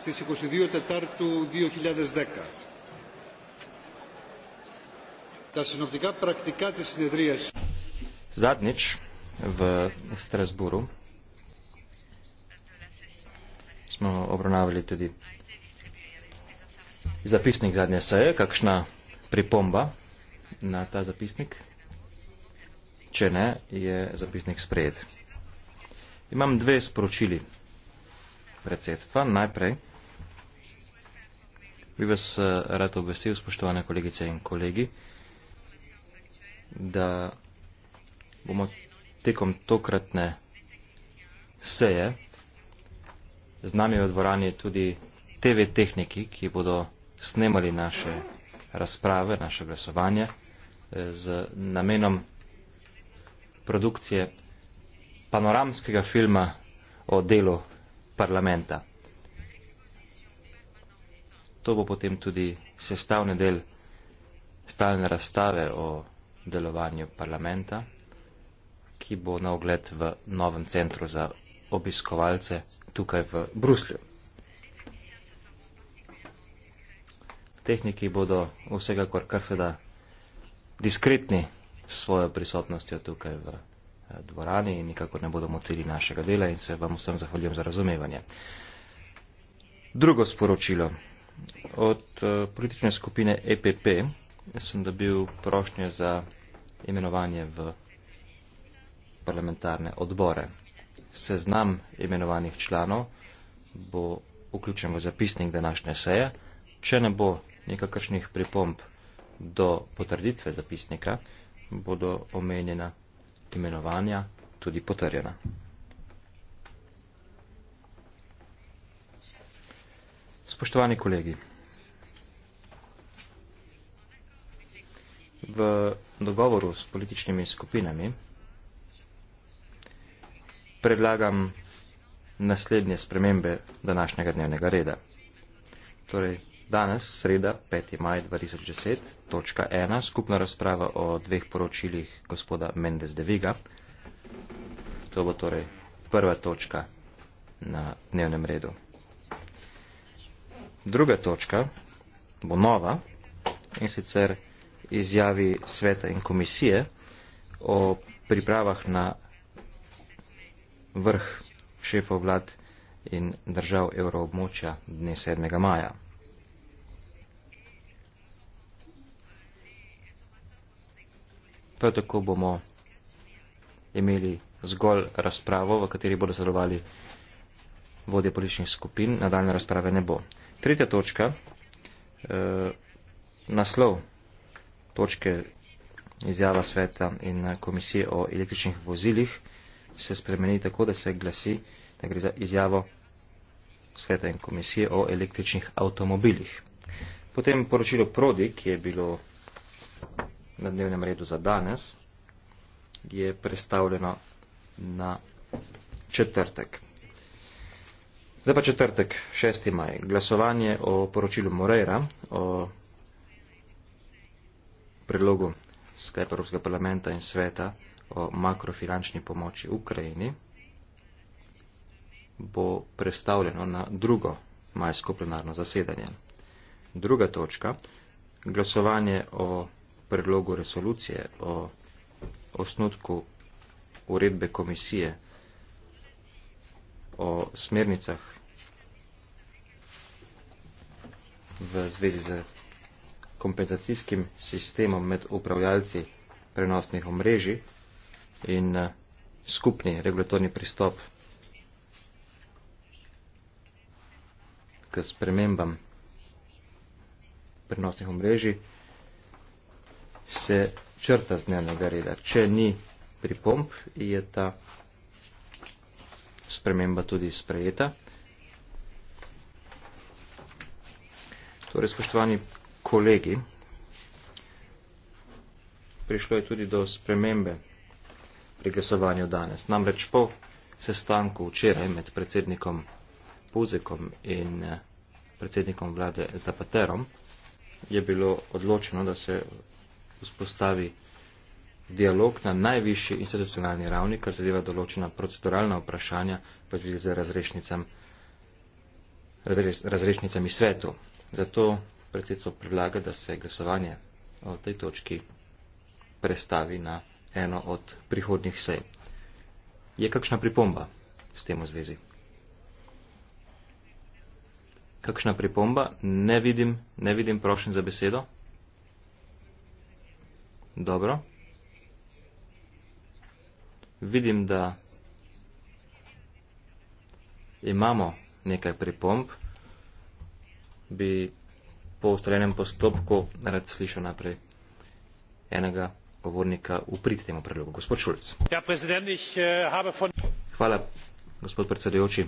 στις 22 Τετάρτου 2010. Τα συνοπτικά πρακτικά της συνεδρίας... Ζάτνιτς, в Страсбуру. Смо обронавали туди записник задния сая, какшна припомба на та записник, че не е записник спреет. Имам две спрочили председства. Най-пре, Bi vas eh, rad obvestil, spoštovane kolegice in kolegi, da bomo tekom tokratne seje z nami v dvorani tudi TV tehniki, ki bodo snemali naše razprave, naše glasovanje eh, z namenom produkcije panoramskega filma o delu parlamenta to bo potem tudi sestavni del stalne razstave o delovanju parlamenta, ki bo na ogled v novem centru za obiskovalce tukaj v Bruslju. Tehniki bodo vsega kor kar seda diskretni s svojo prisotnostjo tukaj v eh, dvorani in nikako ne bodo motili našega dela in se vam vsem zahvaljujem za razumevanje. Drugo sporočilo od eh, politične skupine EPP sem dobil prošnje za imenovanje v parlamentarne odbore. Seznam imenovanih članov bo vključen v zapisnik današnje seje. Če ne bo nekakršnih pripomb do potrditve zapisnika, bodo omenjena imenovanja tudi potrjena. Spoštovani kolegi, v dogovoru s političnimi skupinami predlagam naslednje spremembe današnjega dnevnega reda. Torej, danes, sreda, 5. maj 2010, točka 1, skupna razprava o dveh poročilih gospoda Mendes de Viga. To bo torej prva točka na dnevnem redu druga točka bo nova in sicer izjavi sveta in komisije o pripravah na vrh šefov vlad in držav evroobmočja dne 7. maja. Prav tako bomo imeli zgolj razpravo, v kateri bodo sodelovali vodje političnih skupin, nadaljne razprave ne bo. Tretja točka, eh, naslov točke izjava sveta in eh, komisije o električnih vozilih se spremeni tako, da se glasi, da gre za izjavo sveta in komisije o električnih avtomobilih. Potem poročilo Prodi, ki je bilo na dnevnem redu za danes, je predstavljeno na četrtek. Zdaj pa četrtek, 6. maj. Glasovanje o poročilu Moreira, o predlogu sklepa Evropskega parlamenta in sveta o makrofinančni pomoči Ukrajini bo predstavljeno na drugo majsko plenarno zasedanje. Druga točka, glasovanje o predlogu resolucije o osnutku uredbe komisije o smernicah v zvezi z kompenzacijskim sistemom med upravljalci prenosnih omrežij in eh, skupni regulatorni pristop k spremembam prenosnih omrežij se črta z dnevnega reda. Če ni pripomp, je ta sprememba tudi sprejeta. Torej, spoštovani kolegi, prišlo je tudi do spremembe pri glasovanju danes. Namreč po sestanku včeraj med predsednikom Puzekom in eh, predsednikom vlade Zapaterom je bilo odločeno, da se vzpostavi dialog na najvišji institucionalni ravni, kar zadeva določena proceduralna vprašanja pa tudi z razrešnicam, razreš, razrešnicami svetu. Zato predsedstvo predlaga, da se glasovanje o tej točki prestavi na eno od prihodnjih sej. Je kakšna pripomba s tem v zvezi? Kakšna pripomba? Ne vidim, ne vidim prošen za besedo. Dobro. Vidim, da imamo nekaj pripomb bi po ustaljenem postopku rad slišal najprej enega govornika uprit temu predlogu. Gospod Šulc. Ja, eh, von... Hvala, gospod predsedujoči.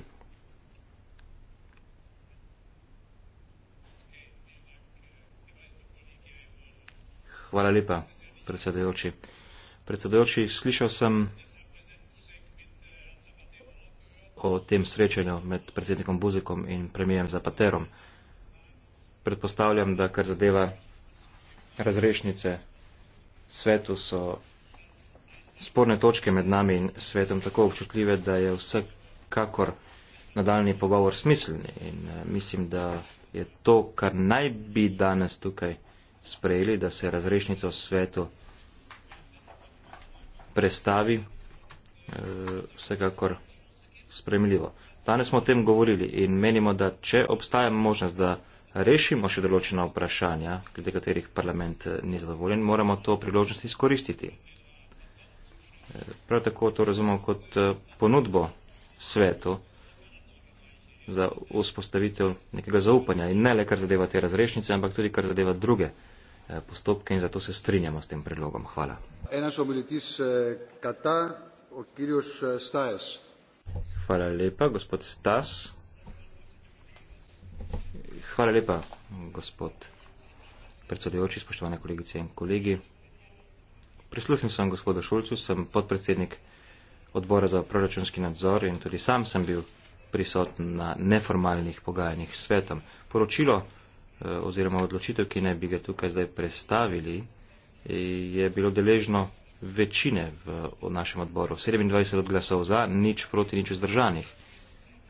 Hvala lepa, predsedujoči. Predsedujoči, slišal sem o tem srečanju med predsednikom Buzikom in premijem Zapaterom predpostavljam, da kar zadeva razrešnice svetu, so sporne točke med nami in svetom tako občutljive, da je vsekakor nadaljni pogovor smiselni. In eh, mislim, da je to, kar naj bi danes tukaj sprejeli, da se razrešnico svetu prestavi, eh, vsekakor spremljivo. Danes smo o tem govorili in menimo, da če obstaja možnost, da rešimo še določena vprašanja, glede katerih parlament eh, ni zadovoljen, moramo to priložnost izkoristiti. Eh, prav tako to razumemo kot eh, ponudbo svetu za vzpostavitev nekega zaupanja in ne le kar zadeva te razrešnice, ampak tudi kar zadeva druge postopke in zato se strinjamo s tem predlogom. Hvala. Hvala lepa, gospod Stas. Hvala lepa, gospod predsedujoči, spoštovane kolegice in kolegi. Prisluhnil sem gospodu Šulcu, sem podpredsednik odbora za proračunski nadzor in tudi sam sem bil prisoten na neformalnih pogajanjih s svetom. Poročilo eh, oziroma odločitev, ki naj bi ga tukaj zdaj predstavili, je bilo deležno večine v, v našem odboru. 27 glasov za, nič proti, nič vzdržanih.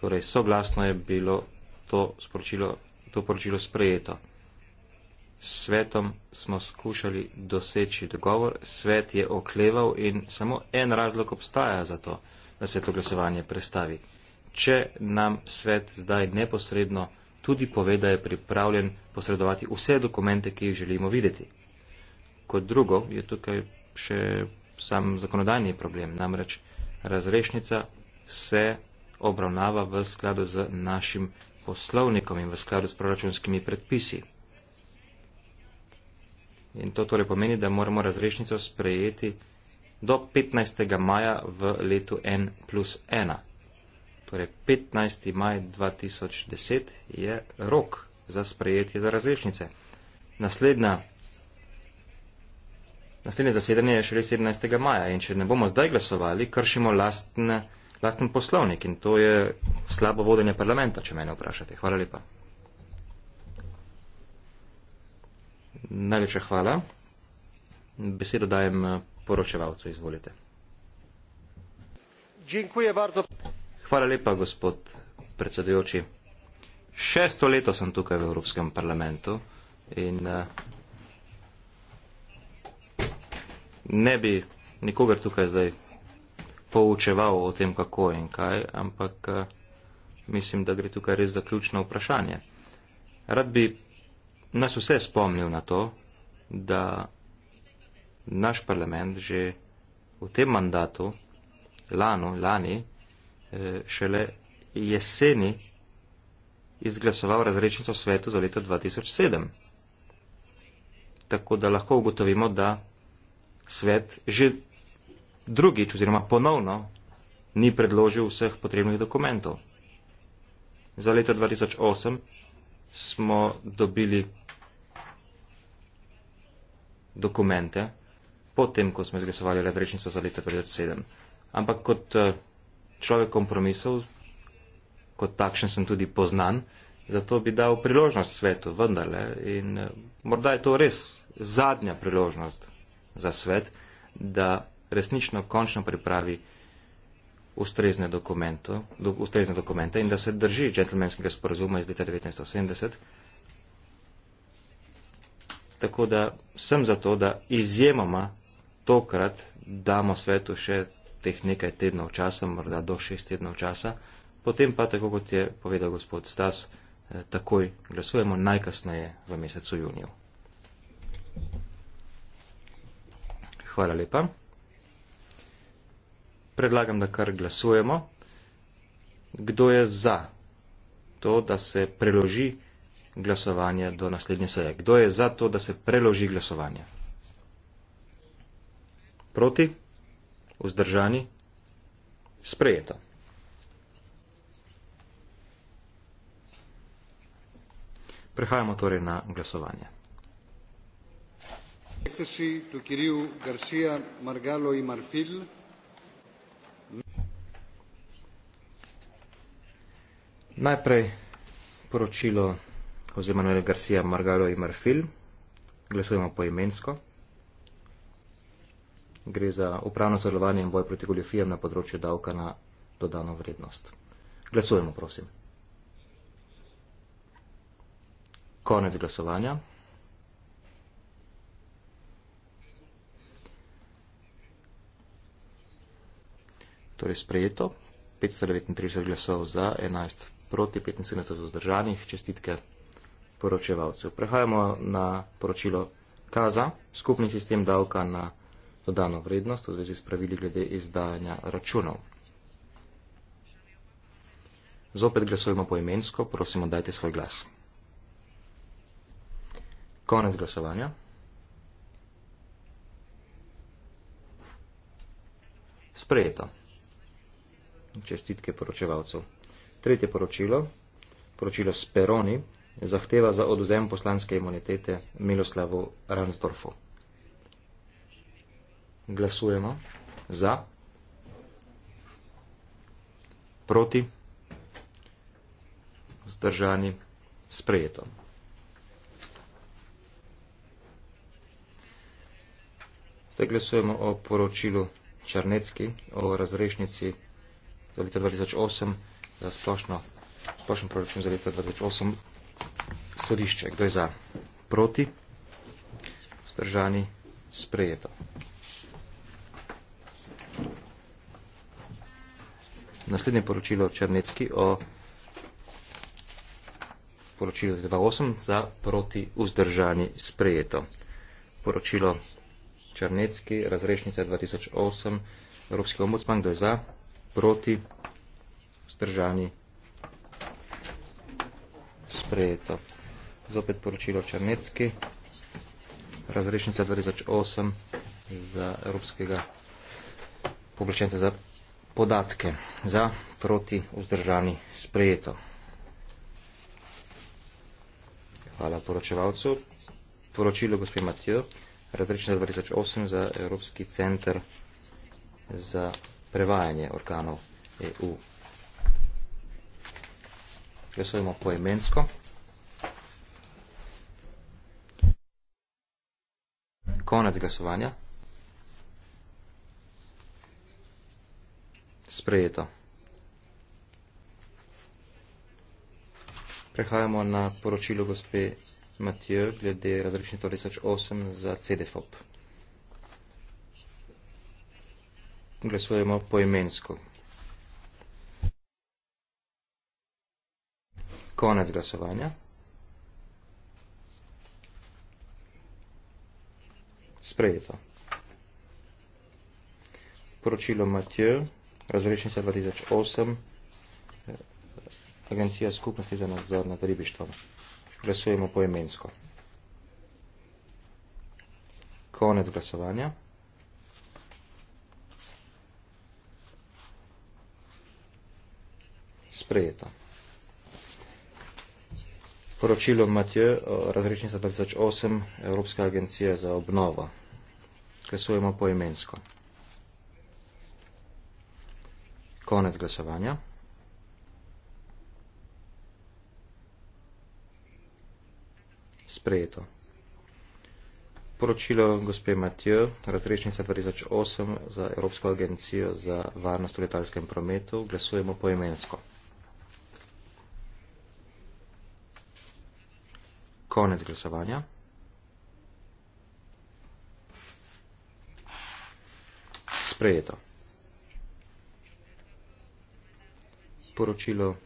Torej, soglasno je bilo to sporočilo to poročilo sprejeto. S svetom smo skušali doseči dogovor, svet je okleval in samo en razlog obstaja za to, da se to glasovanje prestavi. Če nam svet zdaj neposredno tudi pove, da je pripravljen posredovati vse dokumente, ki jih želimo videti. Kot drugo je tukaj še sam zakonodajni problem, namreč razrešnica se obravnava v skladu z našim poslovnikom in v skladu s proračunskimi predpisi. In to torej pomeni, da moramo razrešnico sprejeti do 15. maja v letu N plus 1. Torej 15. maj 2010 je rok za sprejetje za razrešnice. Naslednja, naslednje zasedanje je šele 17. maja in če ne bomo zdaj glasovali, kršimo lastne lasten poslovnik in to je slabo vodenje parlamenta, če mene vprašate. Hvala lepa. Najlepša hvala. Besedo dajem eh, poročevalcu, izvolite. Hvala lepa, gospod predsedujoči. Šesto leto sem tukaj v Evropskem parlamentu in eh, ne bi nikogar tukaj zdaj poučeval o tem, kako in kaj, ampak eh, mislim, da gre tukaj res za ključno vprašanje. Rad bi nas vse spomnil na to, da naš parlament že v tem mandatu, lano, lani, eh, šele jeseni izglasoval razrečnico svetu za leto 2007. Tako da lahko ugotovimo, da svet že drugič oziroma ponovno ni predložil vseh potrebnih dokumentov. Za leto 2008 smo dobili dokumente, potem, ko smo izglasovali razrečnico za leto 2007. Ampak kot eh, človek kompromisov, kot takšen sem tudi poznan, zato bi dal priložnost svetu vendarle in eh, morda je to res zadnja priložnost za svet, da resnično končno pripravi ustrezne, do, ustrezne dokumente in da se drži džentlmenskega sporazuma iz leta 1970. Tako da sem zato, da izjemoma tokrat damo svetu še teh nekaj tednov časa, morda do šest tednov časa, potem pa, tako kot je povedal gospod Stas, eh, takoj glasujemo najkasneje v mesecu juniju. Hvala lepa predlagam, da kar glasujemo. Kdo je za to, da se preloži glasovanje do naslednje seje? Kdo je za to, da se preloži glasovanje? Proti? Vzdržani? Sprejeto. Prehajamo torej na glasovanje. Si, tu Kiril Garcia, Margalo in Marfil. Najprej poročilo oziroma Manuel Garcia Margaro in Marfil. Glasujemo po imensko. Gre za upravno sodelovanje in boj proti goljofijam na področju davka na dodano vrednost. Glasujemo, prosim. Konec glasovanja. Torej sprejeto. 539 glasov za, 11 proti 75 vzdržanih. Čestitke poročevalcu. Prehajamo na poročilo KAZA, skupni sistem davka na dodano vrednost v zvezi s pravili glede izdajanja računov. Zopet glasujemo poimensko, prosimo, dajte svoj glas. Konec glasovanja. Sprejeto. Čestitke poročevalcev. Tretje poročilo, poročilo Speroni, zahteva za oduzem poslanske imunitete Miloslavu Ransdorfu. Glasujemo za, proti, zdržani, sprejeto. Zdaj glasujemo o poročilu Črnecki o razrešnici za leto 2008, splošno, splošen proračun za leto 2008, sodišče, kdo je za, proti, vzdržani, sprejeto. Naslednje poročilo Črnecki o poročilo 28 za proti vzdržani sprejeto. Poročilo Črnecki, razrešnica 2008, Evropski ombudsman, kdo je za? proti, vzdržani, sprejeto. Zopet poročilo Črnecki, razrešnica 2008 za Evropskega poblačenca za podatke, za, proti, vzdržani, sprejeto. Hvala poročevalcu. Poročilo gospe Matijo, razrečenje 2008 za Evropski center za podatke prevajanje organov EU. Glasujemo poimensko. Konec glasovanja. Sprejeto. Prehajamo na poročilo gospe Matijo glede razrešnje 2008 za CDFOP. glasujemo poimensko. Konec glasovanja. Sprejeto. Poročilo Matjev, razrešnica 2008, Agencija skupnosti za nadzor nad ribištvom. Glasujemo poimensko. Konec glasovanja. sprejeta. Poročilo Matje, razrečnica 2008, Evropska agencija za obnovo. Glasujemo poimensko. Konec glasovanja. Sprejeto. Poročilo gospe Matjo, razrečnica 2008 za Evropsko agencijo za varnost v letalskem prometu. Glasujemo poimensko. imensko. Konec glasovanja. Sprejeto. Poročilo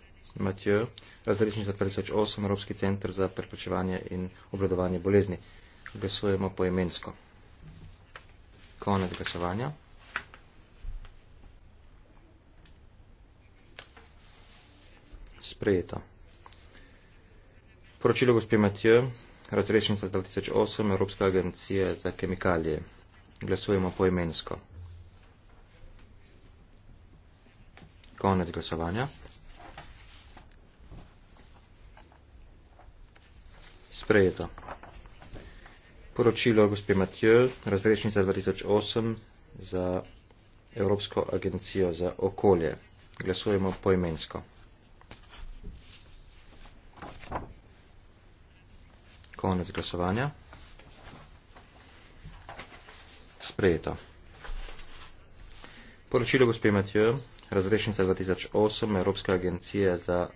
Matjo, razrečnica 2008, Evropski centr za preprečevanje in obladovanje bolezni. Glasujemo poimensko. Konec glasovanja. Sprejeto. Poročilo gospe Matijo, razrešenca 2008 Evropske agencije za kemikalije. Glasujemo poimensko. Konec glasovanja. Sprejeto. Poročilo gospe Matijo, razrešenca 2008 za Evropsko agencijo za okolje. Glasujemo poimensko. imensko. konec glasovanja. Sprejeto. Poročilo gospe Matijo, razrešnica 2008 Evropske agencije za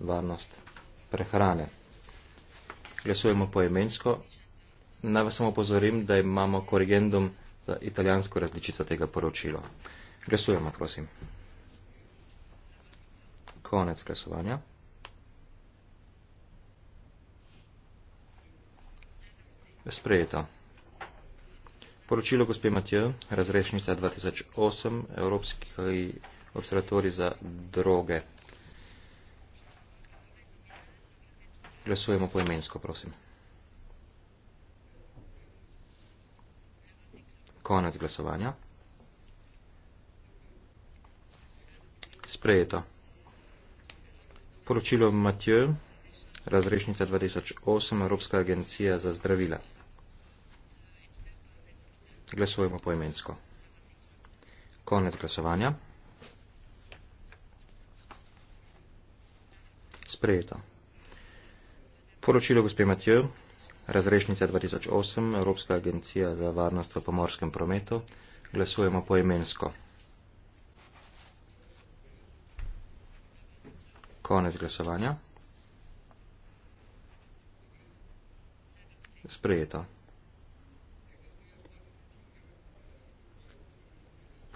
varnost prehrane. Glasujemo poemensko. Naj vas samo opozorim, da imamo korigendum za italijansko različico tega poročila. Glasujemo, prosim. Konec glasovanja. sprejeta. Poročilo gospe Matjo, razrešnica 2008, Evropski observatori za droge. Glasujemo poimensko, prosim. Konec glasovanja. Sprejeto. Poročilo Matjo, razrešnica 2008, Evropska agencija za zdravila glasujemo poimensko. Konec glasovanja. Sprejeto. Poročilo gospe Matijo, razrešnica 2008, Evropska agencija za varnost v pomorskem prometu. Glasujemo poimensko. Konec glasovanja. Sprejeto.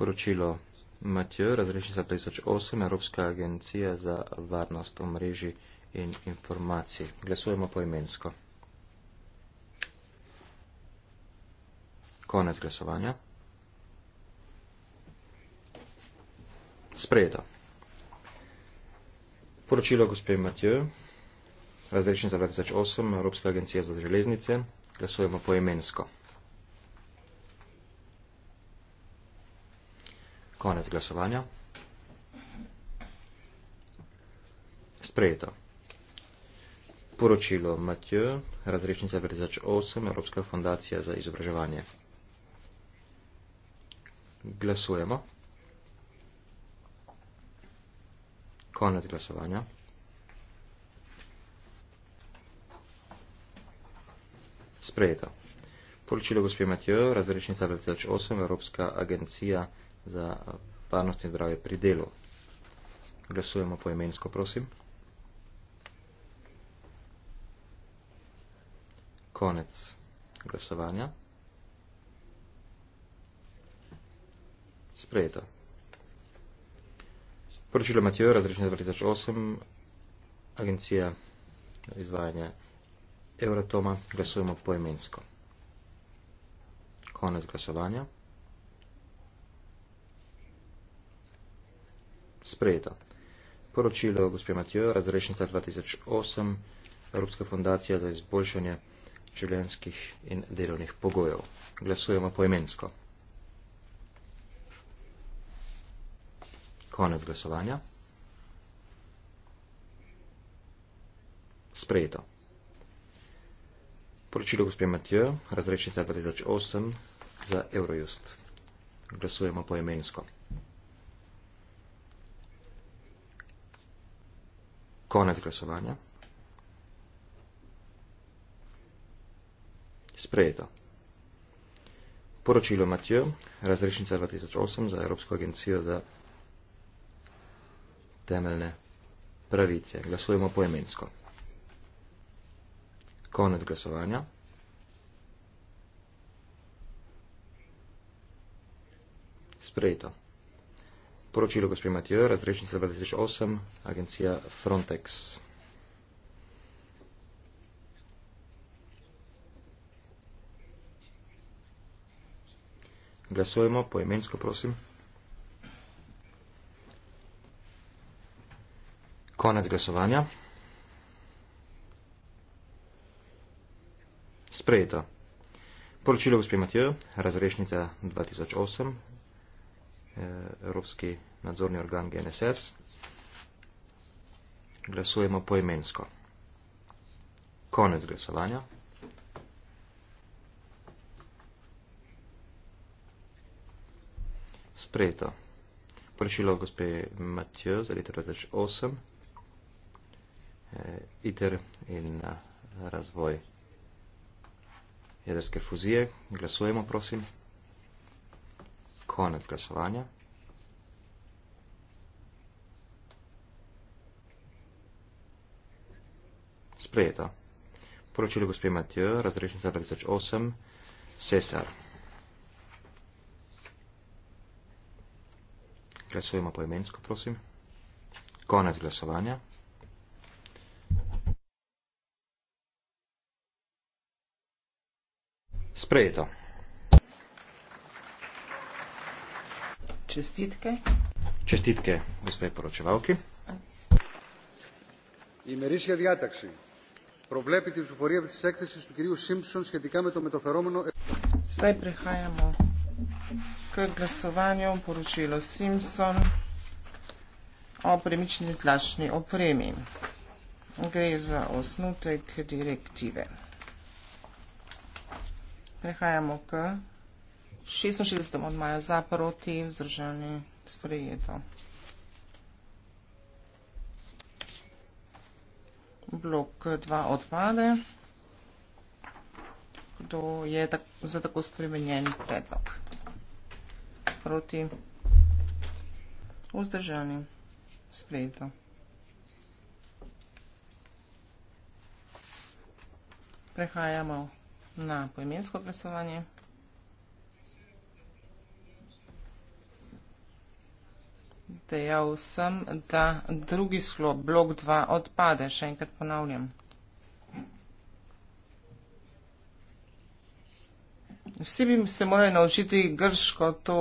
Poročilo Matjo, razrešnica 2008, Evropska agencija za varnost omrežji in informacij. Glasujemo poimensko. Konec glasovanja. Sprejeto. Poročilo gospe Matjo, razrešnica 2008, Evropska agencija za železnice. Glasujemo poimensko. imensko. Konec glasovanja. Sprejeto. Poročilo Matjo, razrešnica 2008, Evropska fundacija za izobraževanje. Glasujemo. Konec glasovanja. Sprejeto. Poročilo gospe Matjo, razrešnica 2008, Evropska agencija za izobraževanje za eh, varnost in zdravje pri delu. Glasujemo poimensko, prosim. Konec glasovanja. Sprejeto. Poročilo Matijo, razrešenje 2008, agencija izvajanja Euratoma, glasujemo poimensko. Konec glasovanja. sprejeto. Poročilo gospe Matijo, razrešnica 2008, Evropska fundacija za izboljšanje življenjskih in delovnih pogojev. Glasujemo poimensko. Konec glasovanja. Sprejeto. Poročilo gospe Matijo, razrešnica 2008 za Eurojust. Glasujemo poimensko. imensko. konec glasovanja. Sprejeto. Poročilo Matijo, razrešnica 2008 za Evropsko agencijo za temeljne pravice. Glasujemo poemensko. Konec glasovanja. Sprejeto. Poročilo gospe Matijo, razrešnica 2008, agencija Frontex. Glasujemo poimensko, prosim. Konec glasovanja. Sprejeto. Poročilo gospe Matijo, razrešnica 2008, Eh, Evropski nadzorni organ GNSS. Glasujemo poimensko. Konec glasovanja. Sprejeto. Poročilo gospe Matjo za leto 2008. Eh, ITER in eh, razvoj jedrske fuzije. Glasujemo, prosim. Konec glasovanja. Sprejeto. Poročilo gospe Matijo, razrešnica 2008, Cesar. Glasujemo poimensko, prosim. Konec glasovanja. Sprejeto. čestitke. Čestitke, gospe poročevalki. Ημερήσια διάταξη. Προβλέπει την ψηφορία τη έκθεση του κυρίου Σίμψον σχετικά με το μεταφερόμενο. Στα υπερχάια μου. Κρεγκρασοβάνιο, πορουσίλο Σίμψον. Ο πρεμίτσινη τλάσσινη, ο πρεμί. Γκρίζα, ο σνούτεκ, διρεκτίβε. Υπερχάια μου, κ. 66 odmaja za, proti, vzdržani, sprejeto. Blok 2 odpade. Kdo je za tako spremenjen predlog? Proti, vzdržani, sprejeto. Prehajamo na poimensko glasovanje. dejal sem, da drugi sklop, blok 2, odpade. Še enkrat ponavljam. Vsi bi se morali naučiti grško, to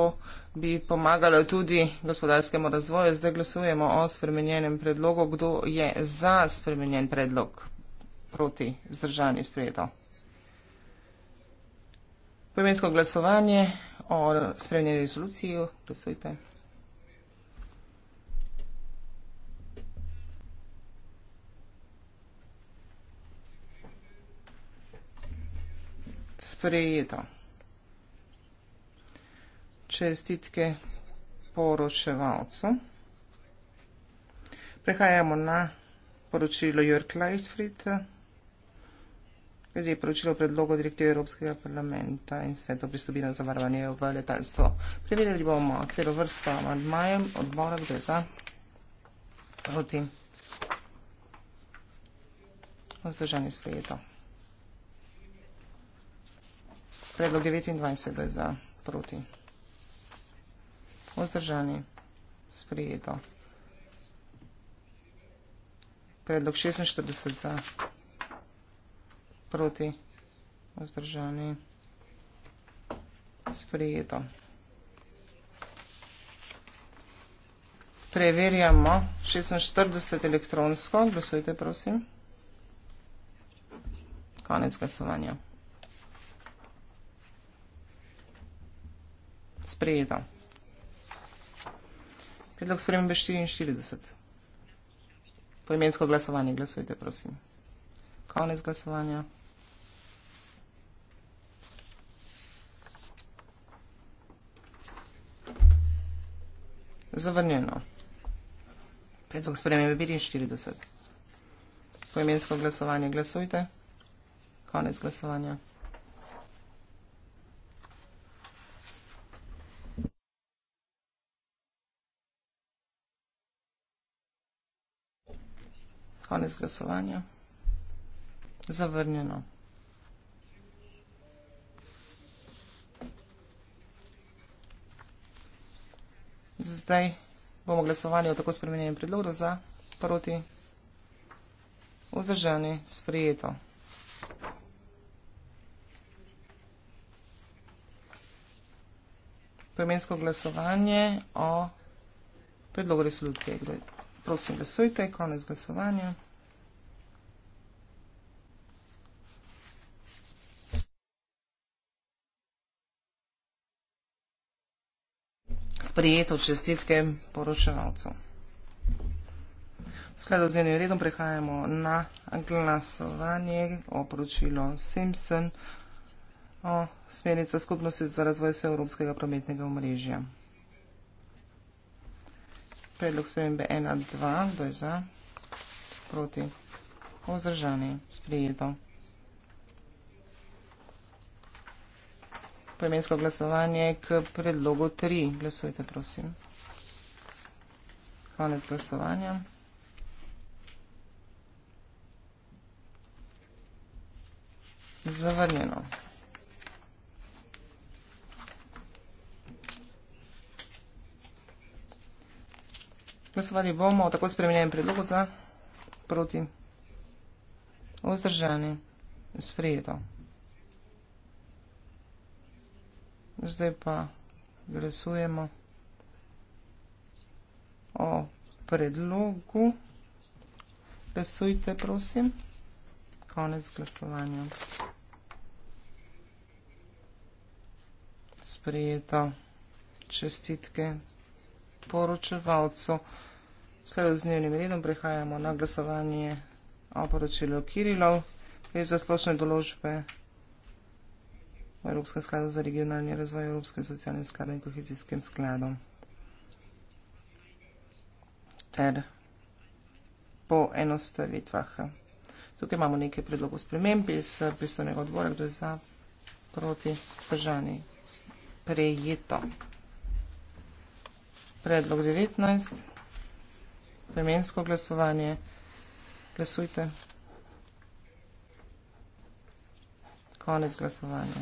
bi pomagalo tudi gospodarskemu razvoju. Zdaj glasujemo o spremenjenem predlogu. Kdo je za spremenjen predlog proti vzdržanju sprejeto? Pojemensko glasovanje o spremenjeni resoluciji. Glasujte. sprejeto. Čestitke poročevalcu. Prehajamo na poročilo Jörg Leichtfried, glede poročilo predlogo direktive Evropskega parlamenta in sveto pristopina za varovanje v letalstvo. Preverili bomo celo vrsto amandmajem odbora, gre za proti. Vzdržanje sprejeto. Predlog 29 je za proti. Ozdržani. Sprijeto. Predlog 46 za proti. Ozdržani. Sprijeto. Preverjamo 46 elektronsko. Glasujte, prosim. Konec glasovanja. sprejeta. Predlog spremembe 44. Poimensko glasovanje. Glasujte, prosim. Konec glasovanja. Zavrnjeno. Predlog spremembe 45. Poimensko glasovanje. Glasujte. Konec glasovanja. Koniec głosowania. Zawrnieno. Zdaj bomo glasovali o tako spremenjenem predlogu za, proti, vzdržani, sprijeto. Poimensko glasovanje o predlogu resolucije. Gledajte. Prosim, glasujte. Konec glasovanja. Sprijeto čestitke poročevalcu. V skladu z njenim redom prehajamo na glasovanje o poročilo Simpson o smernica skupnosti za razvoj vse evropskega prometnega omrežja. Predlog spremembe 1, 2, kdo je za, proti, vzdržani, sprijeto. Poimensko glasovanje k predlogu 3. Glasujte, prosim. Konec glasovanja. Zavrnjeno. Glasovali bomo o tako spremenjenem predlogu za proti vzdržani sprejeto. Zdaj pa glasujemo o predlogu. Glasujte, prosim. Konec glasovanja. Sprejeto. Čestitke poročevalcu. Skladno z dnevnim redom prehajamo na glasovanje o poročilu Kirilov, gre za splošne določbe v Evropskem skladu za regionalni razvoj, Evropskem socialnem skladu in kohezijskem skladu. Ter po enostavitvah. Tukaj imamo nekaj predlogov sprememb iz eh, pristojnega odbora, kdo je za proti vprašanji. Prejeto predlog 19, premensko glasovanje. Glasujte. Konec glasovanja.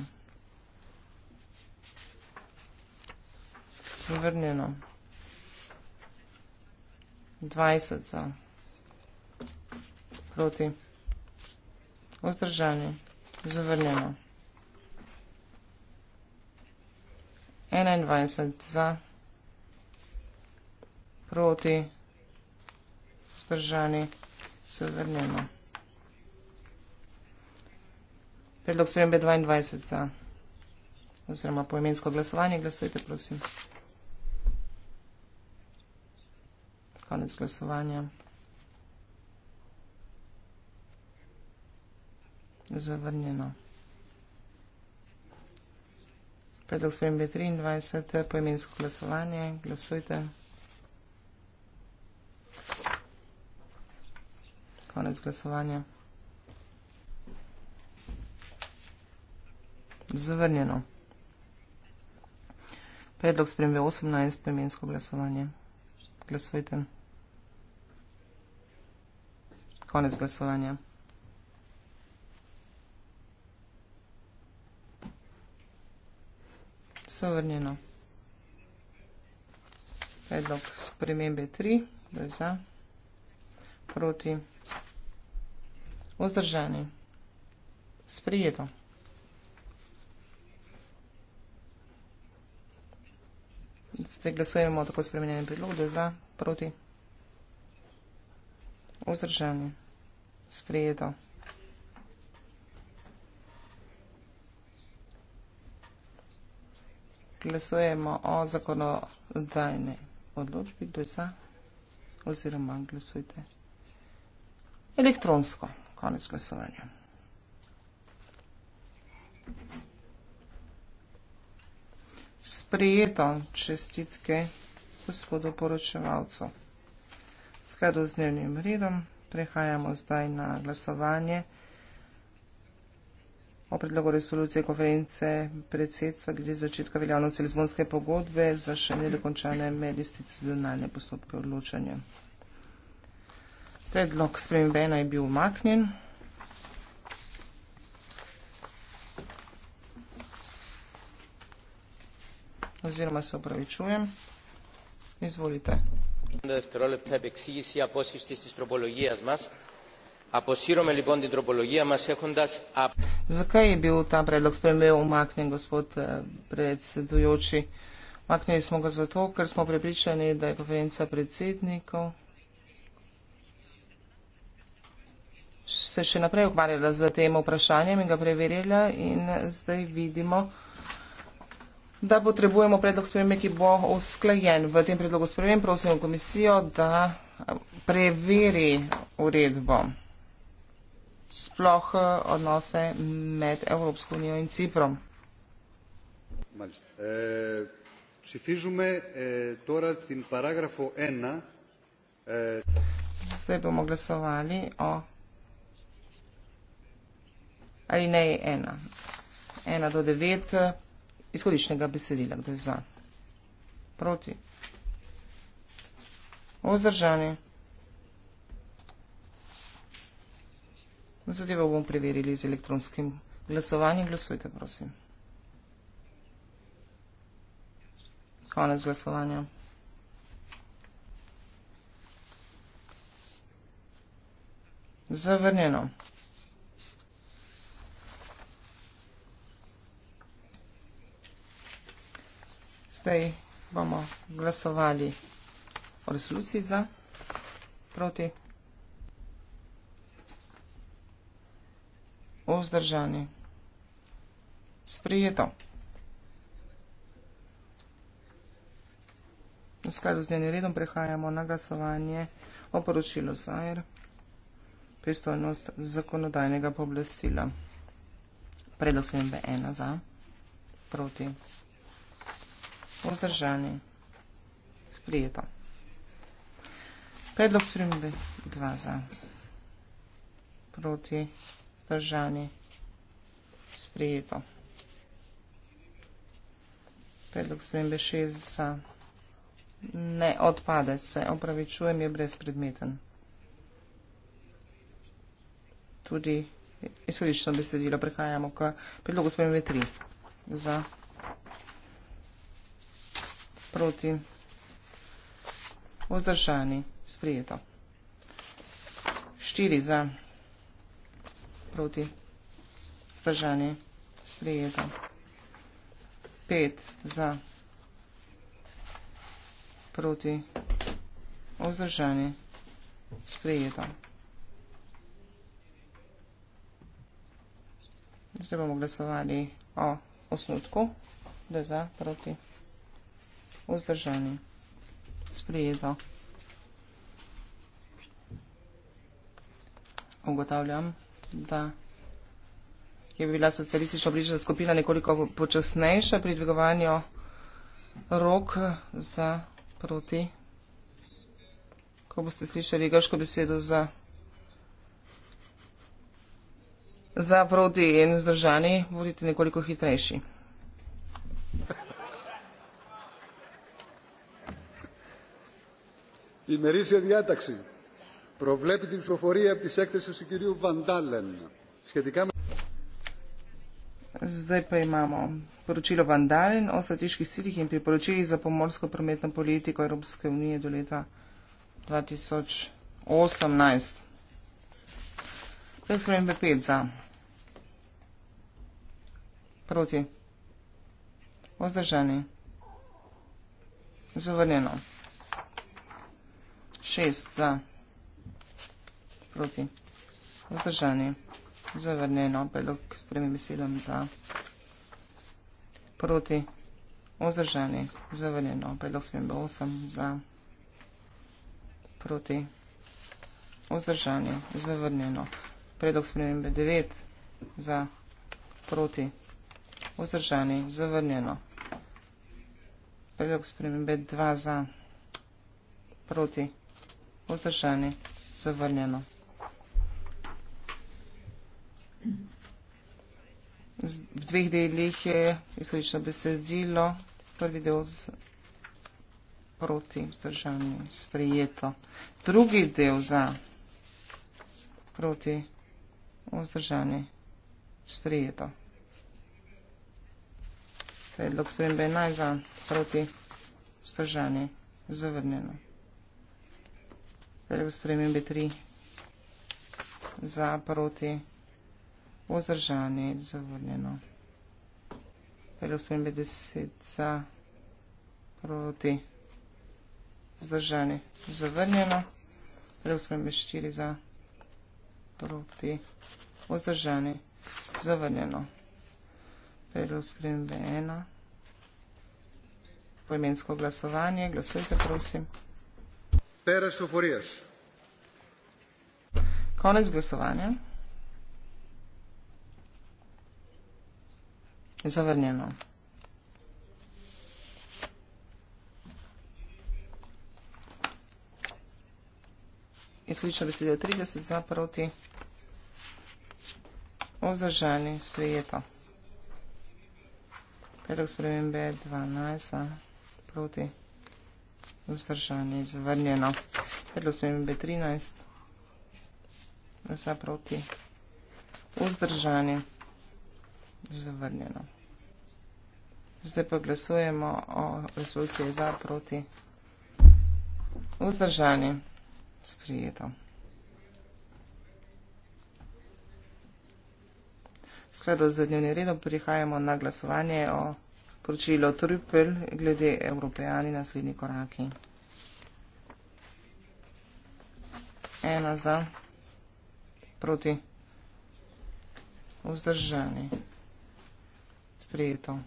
Zavrnjeno. 20 za. Proti. Vzdržani. Zavrnjeno. 21 za proti, vzdržani, se vrnemo. Predlog spremembe 22 za, oziroma poimensko glasovanje, glasujte prosim. Konec glasovanja. Zavrnjeno. Predlog spremembe 23, poimensko glasovanje, glasujte. konec glasovanja. Zavrnjeno. Predlog spremembe 18, premijensko glasovanje. Glasujte. Konec glasovanja. Zavrnjeno. Predlog spremembe 3, da je za, proti vzdržani, sprijeto. Zdaj glasujemo tako spremenjeni predlog, da je za, proti, vzdržani, sprijeto. Glasujemo o zakonodajni odločbi, kdo je za, oziroma glasujte elektronsko. Konec glasovanja. Sprejeto čestitke gospodu poročevalcu. Skladu z dnevnim redom prehajamo zdaj na glasovanje o predlogu resolucije konference predsedstva glede začetka veljavnosti Lizbonske pogodbe za še nedokončane medinstitucionalne postopke odločanja. Predlog spremembe naj bi umaknjen. Oziroma se opravičujem. Izvolite. Dr. Pebek Sisija, posliš tisti strobologija z mas. A posiro me libondi drobologija, ma se hundas, a... Zakaj je bil ta predlog spremembe umaknjen, gospod eh, predsedujoči? Umaknjeni smo ga zato, ker smo prepričani, da je konferenca predsednikov. se še naprej ukvarjala z tem vprašanjem in ga preverjala in zdaj vidimo, da potrebujemo predlog spremembe, ki bo usklajen. V tem predlogu spremembe prosimo komisijo, da preveri uredbo sploh eh, odnose med Evropsko unijo in Ciprom. Ψηφίζουμε ε, τώρα την παράγραφο 1. Ε... Στέπω μου γλασσοβάλι. Ο ali ne je ena. Ena do devet eh, izhodičnega besedila, kdo je za. Proti. Ozdržani. Zadevo bomo preverili z elektronskim glasovanjem. Glasujte, prosim. Konec glasovanja. Zavrnjeno. Zdaj bomo glasovali o resoluciji za, proti, o vzdržanju. Sprijeto. V skladu z njenim redom prehajamo na glasovanje o poročilu ZAIR, pristojnost zakonodajnega pooblastila. Predlog smembe 1 za, proti. Vzdržani. Sprijeto. Predlog spremljali dva za. Proti. Vzdržani. Sprijeto. Predlog spremljali šest za. Ne odpade se. Opravičujem je brezpredmeten. Tudi izhodično besedilo prehajamo k predlogu spremljali tri. Za. Za proti vzdržani sprijeto. Štiri za proti vzdržani sprijeto. Pet za proti vzdržani sprijeto. Zdaj bomo glasovali o osnutku, da je za proti vzdržani sprijeto. Vzdržani. Sprijeto. Ugotavljam, da je bila socialistična obliča skupina nekoliko počasnejša pri dvigovanju rok za proti. Ko boste slišali grško besedo za, za proti in vzdržani, bodite nekoliko hitrejši. Η μερίσια διάταξη προβλέπει την ψηφοφορία από τις έκθεσεις του κυρίου Βαντάλεν σχετικά με... Zdaj pa imamo poročilo Vandalen o strateških ciljih in priporočili za pomorsko prometno politiko Evropske unije do leta 2018. Prosim, MP5 za. Proti. Ozdržani. Zavrnjeno. 6 za, proti, vzdržani, zavrnjeno, predlog s premi besedami za, proti, vzdržani, zavrnjeno, predlog s premi besedami 8 za, proti, vzdržani, zavrnjeno, predlog s premi besedami 9 za, proti, vzdržani, zavrnjeno, predlog s premi besedami 2 za, proti, vzdržani, zavrnjeno, Vzdržani. Zavrnjeno. V dveh delih je izhodično besedilo. Prvi del z, proti vzdržanju sprejeto. Drugi del za proti vzdržanju sprejeto. Predlog spremembe je naj za proti vzdržanju zavrnjeno. Predlog spremembe 3. Za, proti, vzdržani, zavrnjeno. Predlog spremembe 10. Za, proti, vzdržani, zavrnjeno. Predlog spremembe 4. Za, proti, vzdržani, zavrnjeno. Predlog spremembe 1. Poimensko glasovanje. Glasujte, prosim. Pérez Soforias. Konec glasovanja. Zavrnjeno. Izključno besedilo 30 za proti vzdržani sprejeto. Predlog spremembe 12 proti vzdržani vzdržani, zvrnjeno. Telo smo imeli 13, zaproti, vzdržani, zvrnjeno. Zdaj pa glasujemo o resoluciji zaproti, vzdržani, sprijeto. V skladu z dnevni redom prihajamo na glasovanje o resoluciji zaproti, vzdržani, sprijeto sporočilo Trupel glede Evropejani naslednji koraki. Ena za, proti, vzdržani, sprijeto.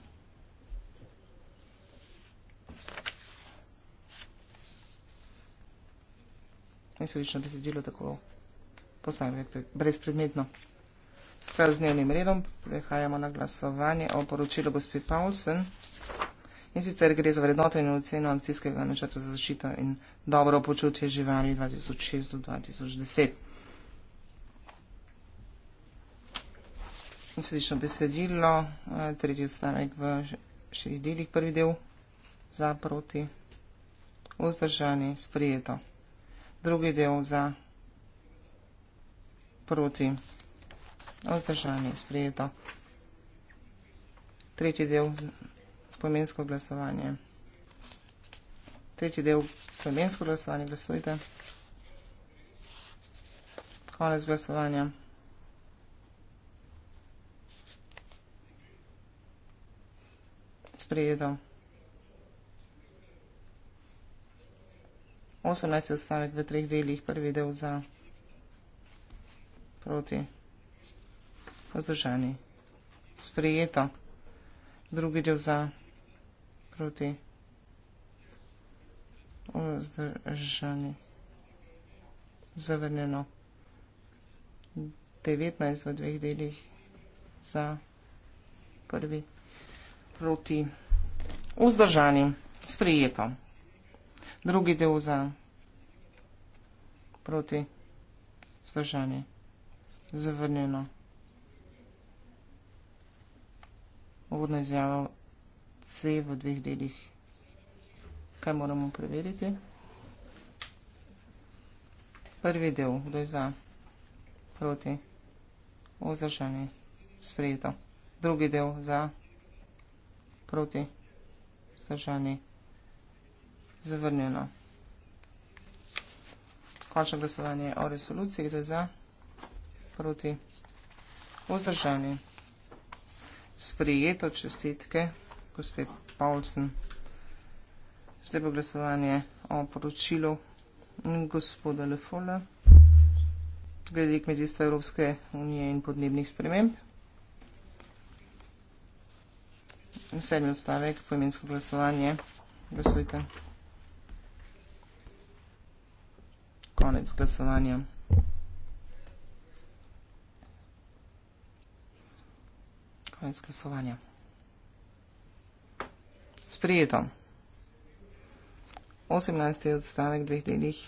Mislim, da se je delo tako postavljeno brezpredmetno. Skladu z dnevnim redom prehajamo na glasovanje o poročilu gospe Paulsen. In sicer gre za vrednotenje in oceno akcijskega načrta za zaščito in dobro počutje živali 2006 do 2010. In sodišno besedilo, eh, tretji odstavek v štirih delih, prvi del za proti, vzdržani, sprijeto. Drugi del za proti. Ostržanje je sprejeto. Tretji del pomensko glasovanje. Tretji del pomensko glasovanje. Glasujte. Konec glasovanja. Sprejeto. 18 odstavek v treh delih, prvi del za proti. Vzdržani. Sprijeto. Drugi del za. Proti. Vzdržani. Zavrnjeno. 19 v dveh delih za prvi proti vzdržani, sprijeto. Drugi del za proti vzdržani, zavrnjeno. uvodno izjavo C v dveh delih. Kaj moramo preveriti? Prvi del, kdo je za, proti, vzdržani, sprejeto. Drugi del, za, proti, vzdržani, zavrnjeno. Končno glasovanje o resoluciji, kdo je za, proti, vzdržani, sprejeto sprijeto čestitke, gospe Paulsen. Zdaj bo glasovanje o poročilu gospoda Lefola glede kmetijstva Evropske unije in podnebnih sprememb. Sedmi odstavek, poimensko glasovanje. Glasujte. Konec glasovanja. koniec głosowania. Sprijeto. 18. odstavek dveh delih.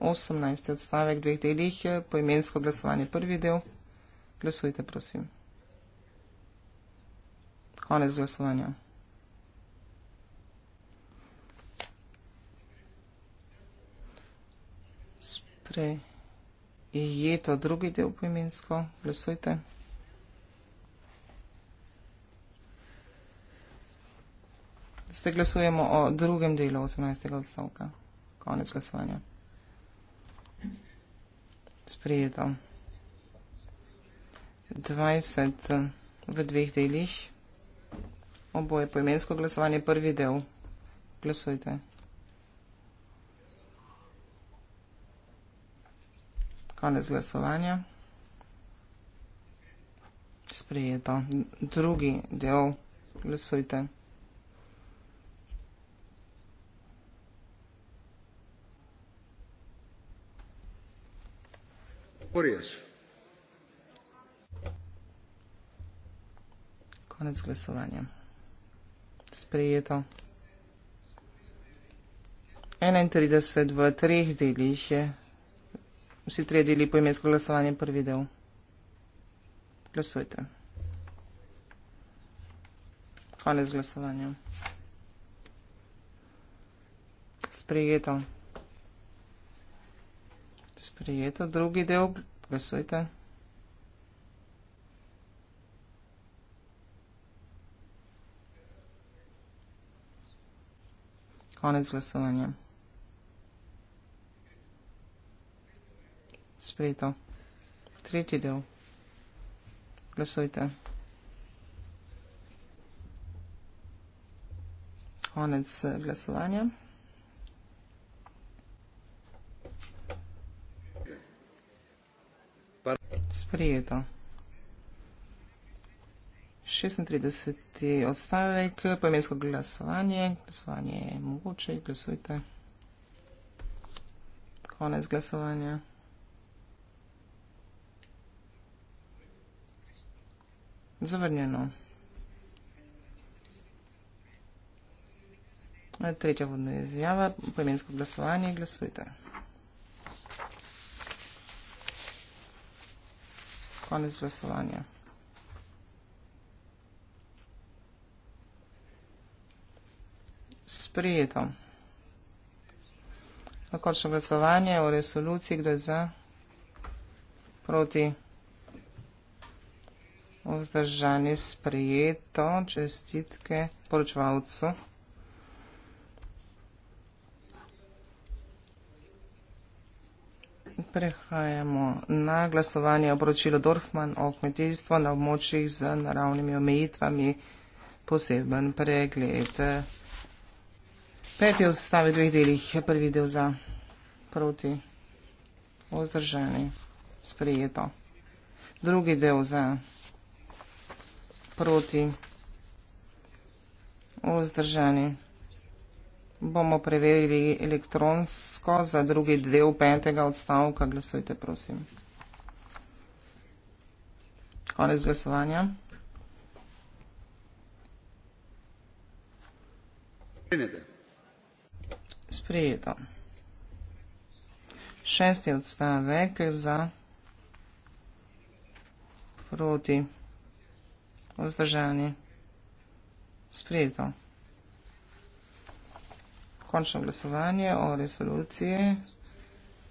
18. odstavek dveh delih, poimensko glasovanje prvi del. Glasujte, prosim. Konec glasovanja. Sprijeto je to drugi del poimensko, glasujte. Zdaj glasujemo o drugem delu 18. odstavka, konec glasovanja. Sprijeto. 20 v dveh delih. Oboje poimensko glasovanje, prvi del. Glasujte. Konec glasovanja. Sprejeto. Drugi del. Glasujte. Porijas. Konec glasovanja. Sprejeto. 31 v treh delih je vsi trije deli poimensko glasovanje prvi del. Glasujte. Konec glasovanja. Sprijeto. Sprijeto. Drugi del. Glasujte. Konec glasovanja. sprejeto. Tretji del. Glasujte. Konec eh, glasovanja. Sprejeto. 36. odstavek, pojmensko glasovanje. Glasovanje je mogoče, glasujte. Konec glasovanja. Zavrnjeno. Tretja vodna izjava, poimensko glasovanje, glasujte. Konec glasovanja. Sprijeto. Nakončno glasovanje o resoluciji, kdo je za, proti, proti vzdržani sprijeto, čestitke poročevalcu. Prehajamo na glasovanje o poročilu Dorfman o kmetijstvu na območjih z naravnimi omejitvami poseben pregled. Peti odstavek v dveh delih, prvi del za proti vzdržani sprijeto. Drugi del za proti, vzdržani. Bomo preverili elektronsko za drugi del petega odstavka. Glasujte, prosim. Konec glasovanja. Sprijeto. Šesti odstavek za proti vzdržani, sprejeto. Končno glasovanje o resoluciji.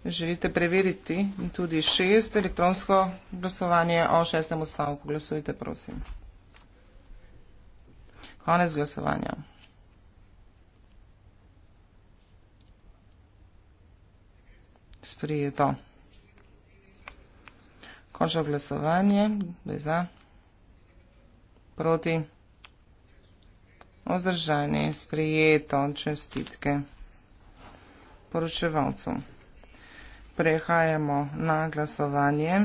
Želite preveriti tudi šest elektronsko glasovanje o šestem odstavku. Glasujte, prosim. Konec glasovanja. Sprijeto. Končno glasovanje. Bej za proti. Ozdržanje je sprejeto, čestitke poročevalcu. Prehajamo na glasovanje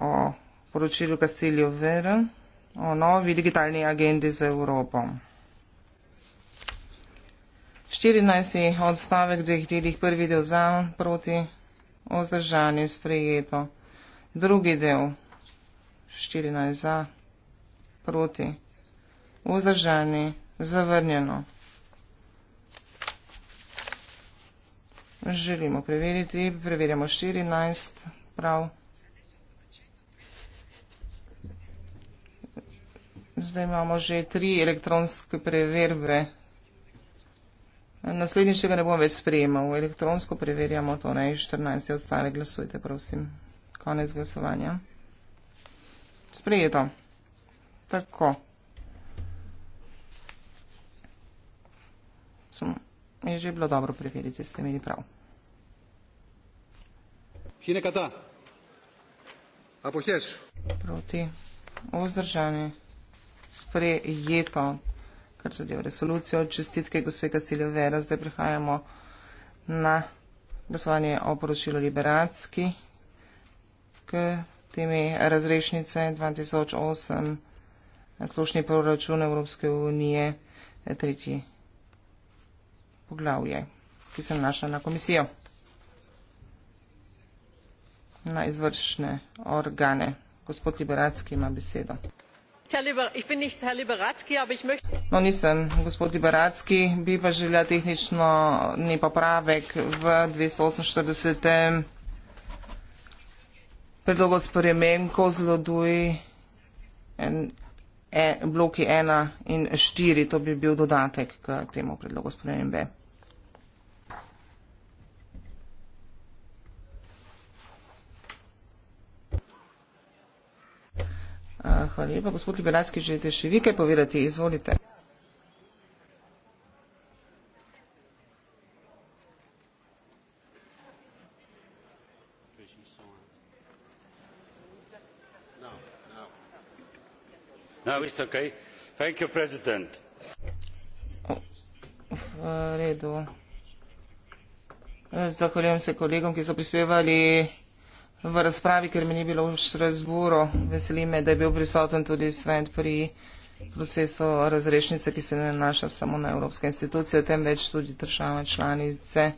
o poročilu Kasilju Veren o novi digitalni agendi za Evropo. 14. odstavek dveh delih prvi del za, proti, ozdržanje, sprejeto. Drugi del, 14 za, proti, vzdržani, zavrnjeno. Želimo preveriti, preverjamo 14, prav. Zdaj imamo že tri elektronske preverbe. Naslednjič tega ne bom več sprejemal. Elektronsko preverjamo, torej 14. odstavek glasujte, prosim. Konec glasovanja sprejeto. Tako. Sem, je že bilo dobro preveriti, če ste imeli prav. Hinekata. A pohješ? Proti. Ozdržani. Sprejeto. Kar zadeva resolucijo. Čestitke gospe Kastiljo Vera. Zdaj prehajamo na glasovanje o poročilu Liberacki. K temi razrešnice 2008, splošni proračun Evropske unije, tretji poglavje, ki se nanaša na komisijo, na izvršne organe. Gospod Liberacki ima besedo. No, nisem gospod Liberacki, bi pa želela tehnično nepopravek v 248 predlogov sprejemem, ko zloduji en, en, bloki 1 in 4, to bi bil dodatek k temu predlogu sprejemem B. Eh, hvala lepa. Gospod Liberacki, želite še vi kaj povedati? Izvolite. Ah, Zahvaljujem se kolegom, ki so prispevali v razpravi, ker mi ni bilo v Štrasburu. Veseli me, da je bil prisoten tudi svet pri procesu razrešnice, ki se ne nanaša samo na evropske institucije, temveč tudi države članice,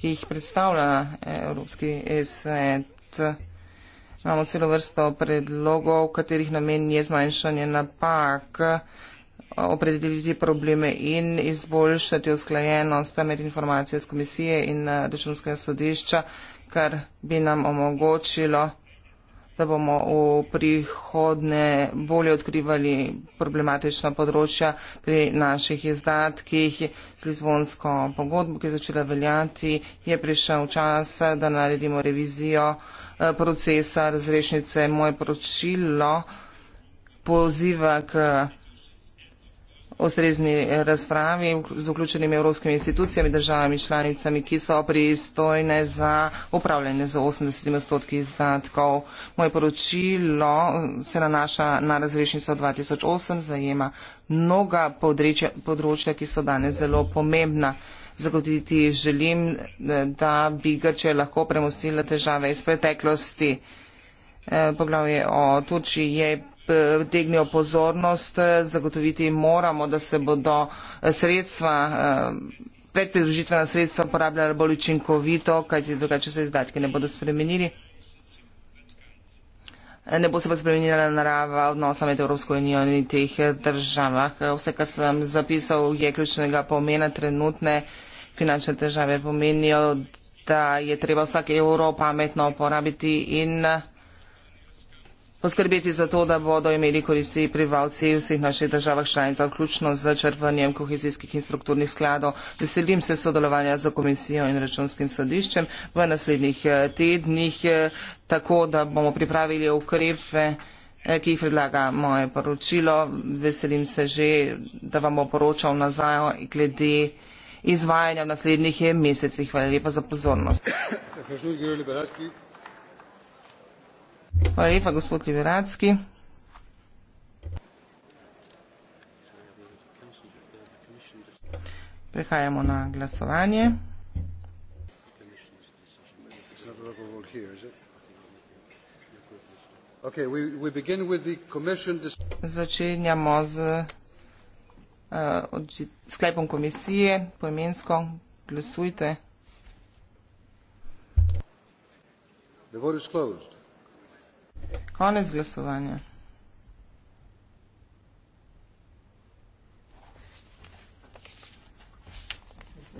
ki jih predstavlja Evropski svet. Hvala lepa. Imamo celo vrsto predlogov, katerih namen je zmanjšanje napak, opredeliti probleme in izboljšati usklajenost med informacijami z komisije in eh, računskega sodišča, kar bi nam omogočilo da bomo v prihodne bolje odkrivali problematična področja pri naših izdatkih. Z Lizbonsko pogodbo, ki je začela veljati, je prišel čas, da naredimo revizijo eh, procesa razrešnice. Moje poročilo poziva k ustrezni razpravi z vključenimi evropskimi institucijami, državami, članicami, ki so pristojne za upravljanje z 80 odstotki izdatkov. Moje poročilo se nanaša na razrešnico 2008, zajema mnoga področja, ki so danes zelo pomembna. Zagotoviti želim, da bi Grče lahko premostila težave iz preteklosti. Eh, poglavje o Turčiji je pritegnejo pozornost, zagotoviti moramo, da se bodo eh, sredstva, eh, predpridružitvena sredstva uporabljala bolj učinkovito, kajti drugače se izdatki ne bodo spremenili. Ne bo se pa spremenila narava odnosa med Evropsko unijo in teh eh, državah. Vse, kar sem zapisal, je ključnega pomena. Trenutne finančne države pomenijo, da je treba vsak evro pametno uporabiti in poskrbeti za to, da bodo imeli koristi prebivalci v vseh naših državah članica, vključno z črpanjem kohezijskih in strukturnih skladov. Veselim se sodelovanja z komisijo in računskim sodiščem v naslednjih eh, tednih, eh, tako da bomo pripravili ukrepe eh, ki jih predlaga moje poročilo. Veselim se že, da vam bo poročal nazaj glede izvajanja v naslednjih mesecih. Hvala lepa za pozornost. Hvala lepa, gospod Liberacki. Prehajamo na glasovanje. Začenjamo z eh, sklepom komisije, poimensko, glasujte. The vote is closed. Konec glasovanja.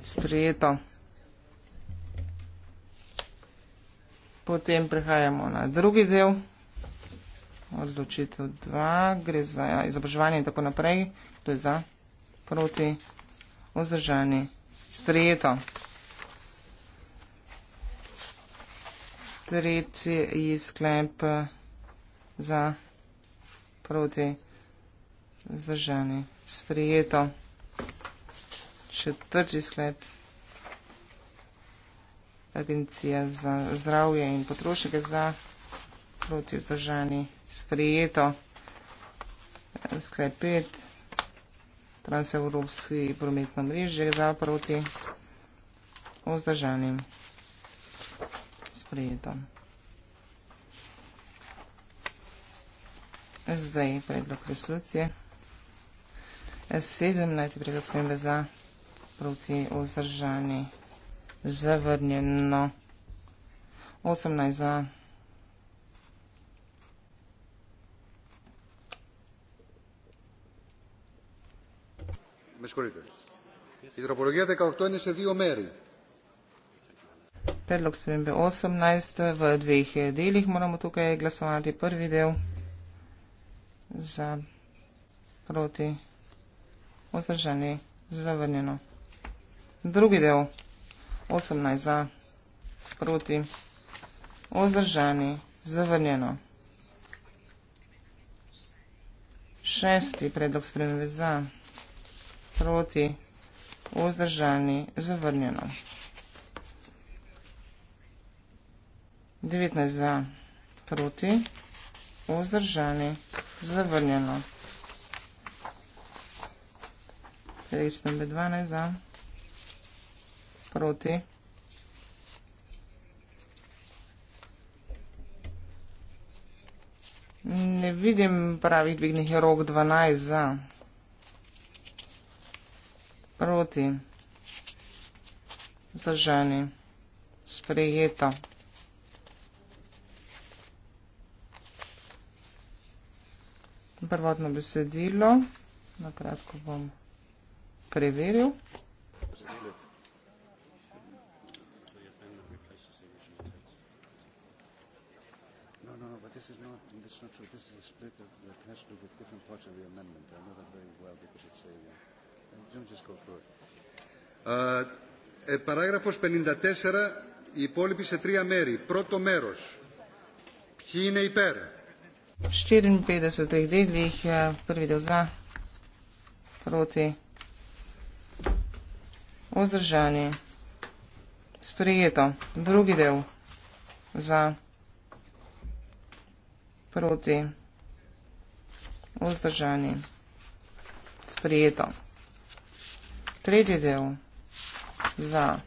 Sprejeto. Potem prehajamo na drugi del. Odločitev 2. Gre za izobraževanje in tako naprej. To je za proti vzdržani. Sprejeto. Tretji sklep za proti zdržani. Sprijeto. Četrti sklep. Agencija za zdravje in potrošnike za proti vzdržani. Sprijeto. Sklep 5. Transevropski prometno mreže za proti vzdržanim. Sprijeto. Zdaj je predlog resolucije. 17. predlog smembe za proti vzdržani zavrnjeno. 18 za. Me skorite. Hidrofologija teka aktualni se dio meri. Predlog spremembe 18 v dveh delih moramo tukaj glasovati. Prvi del za, proti, vzdržani, zavrnjeno. Drugi del, 18 za, proti, vzdržani, zavrnjeno. Šesti predlog spremembe za, proti, vzdržani, zavrnjeno. 19 za, proti, vzdržani, zavrnjeno vzdržani, zavrnjeno. Resmen B12 za, proti. Ne vidim pravih dvignih rok 12 za, proti, vzdržani, sprejeto. Proti. prvotno besedilo, na kratko bom preveril. Παράγραφος no, 54, no, no, uh, uh, eh, οι υπόλοιποι σε τρία μέρη. Πρώτο μέρος. Ποιοι είναι υπέρ. 54 delih, eh, prvi del za, proti, vzdržani, sprejeto, drugi del za, proti, vzdržani, sprejeto, tretji del za,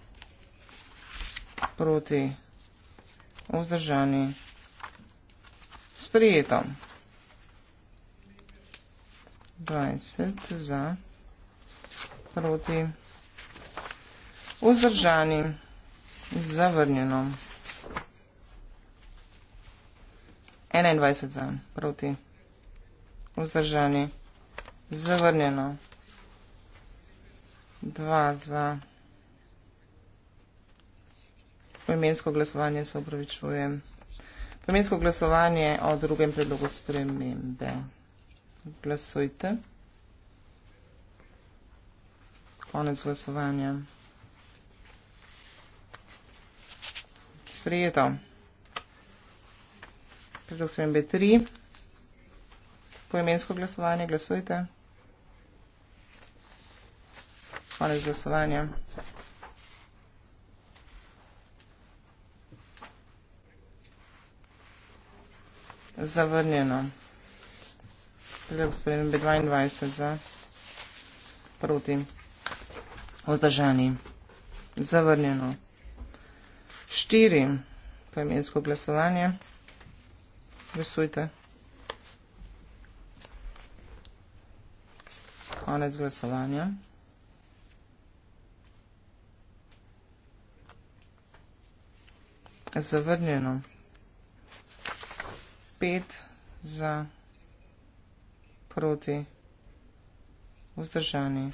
proti, vzdržani, sprejeto sprejeto. 20 za proti vzdržani zavrnjeno. 21 za proti vzdržani zavrnjeno. 2 za poimensko glasovanje se upravičujem poimensko glasovanje o drugem predlogu spremembe. Glasujte. Konec glasovanja. Sprejeto. Predlog spremembe 3. Poimensko glasovanje. Glasujte. Konec glasovanja. Zavrnjeno. Predlog spremembe 22 za. Proti. Vzdržani. Zavrnjeno. Štiri. Pojemensko glasovanje. Glasujte. Konec glasovanja. Zavrnjeno. 5 za proti vzdržani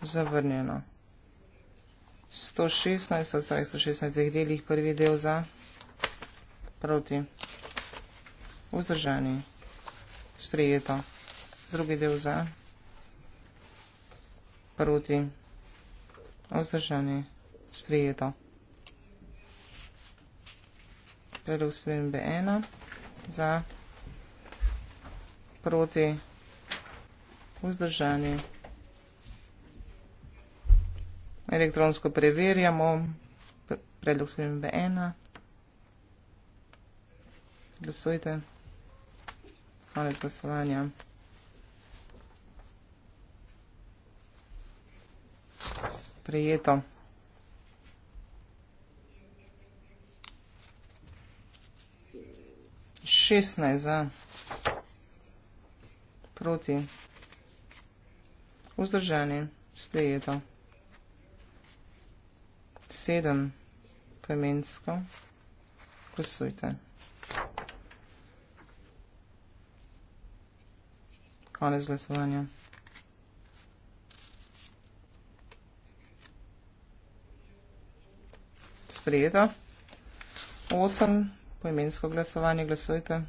zavrnjeno. 116, ostali so 16 dveh delih, prvi del za proti vzdržani sprejeto, drugi del za proti vzdržani sprejeto. Predlog spremembe 1 za, proti, vzdržani. Elektronsko preverjamo predlog spremembe 1. Glasujte. Konec glasovanja. Prijeto. 16 za. Proti. Vzdržani. Sprejeto. 7. Kamensko. Glasujte. Konec glasovanja. Sprejeto. 8 poimensko glasovanje, glasujte.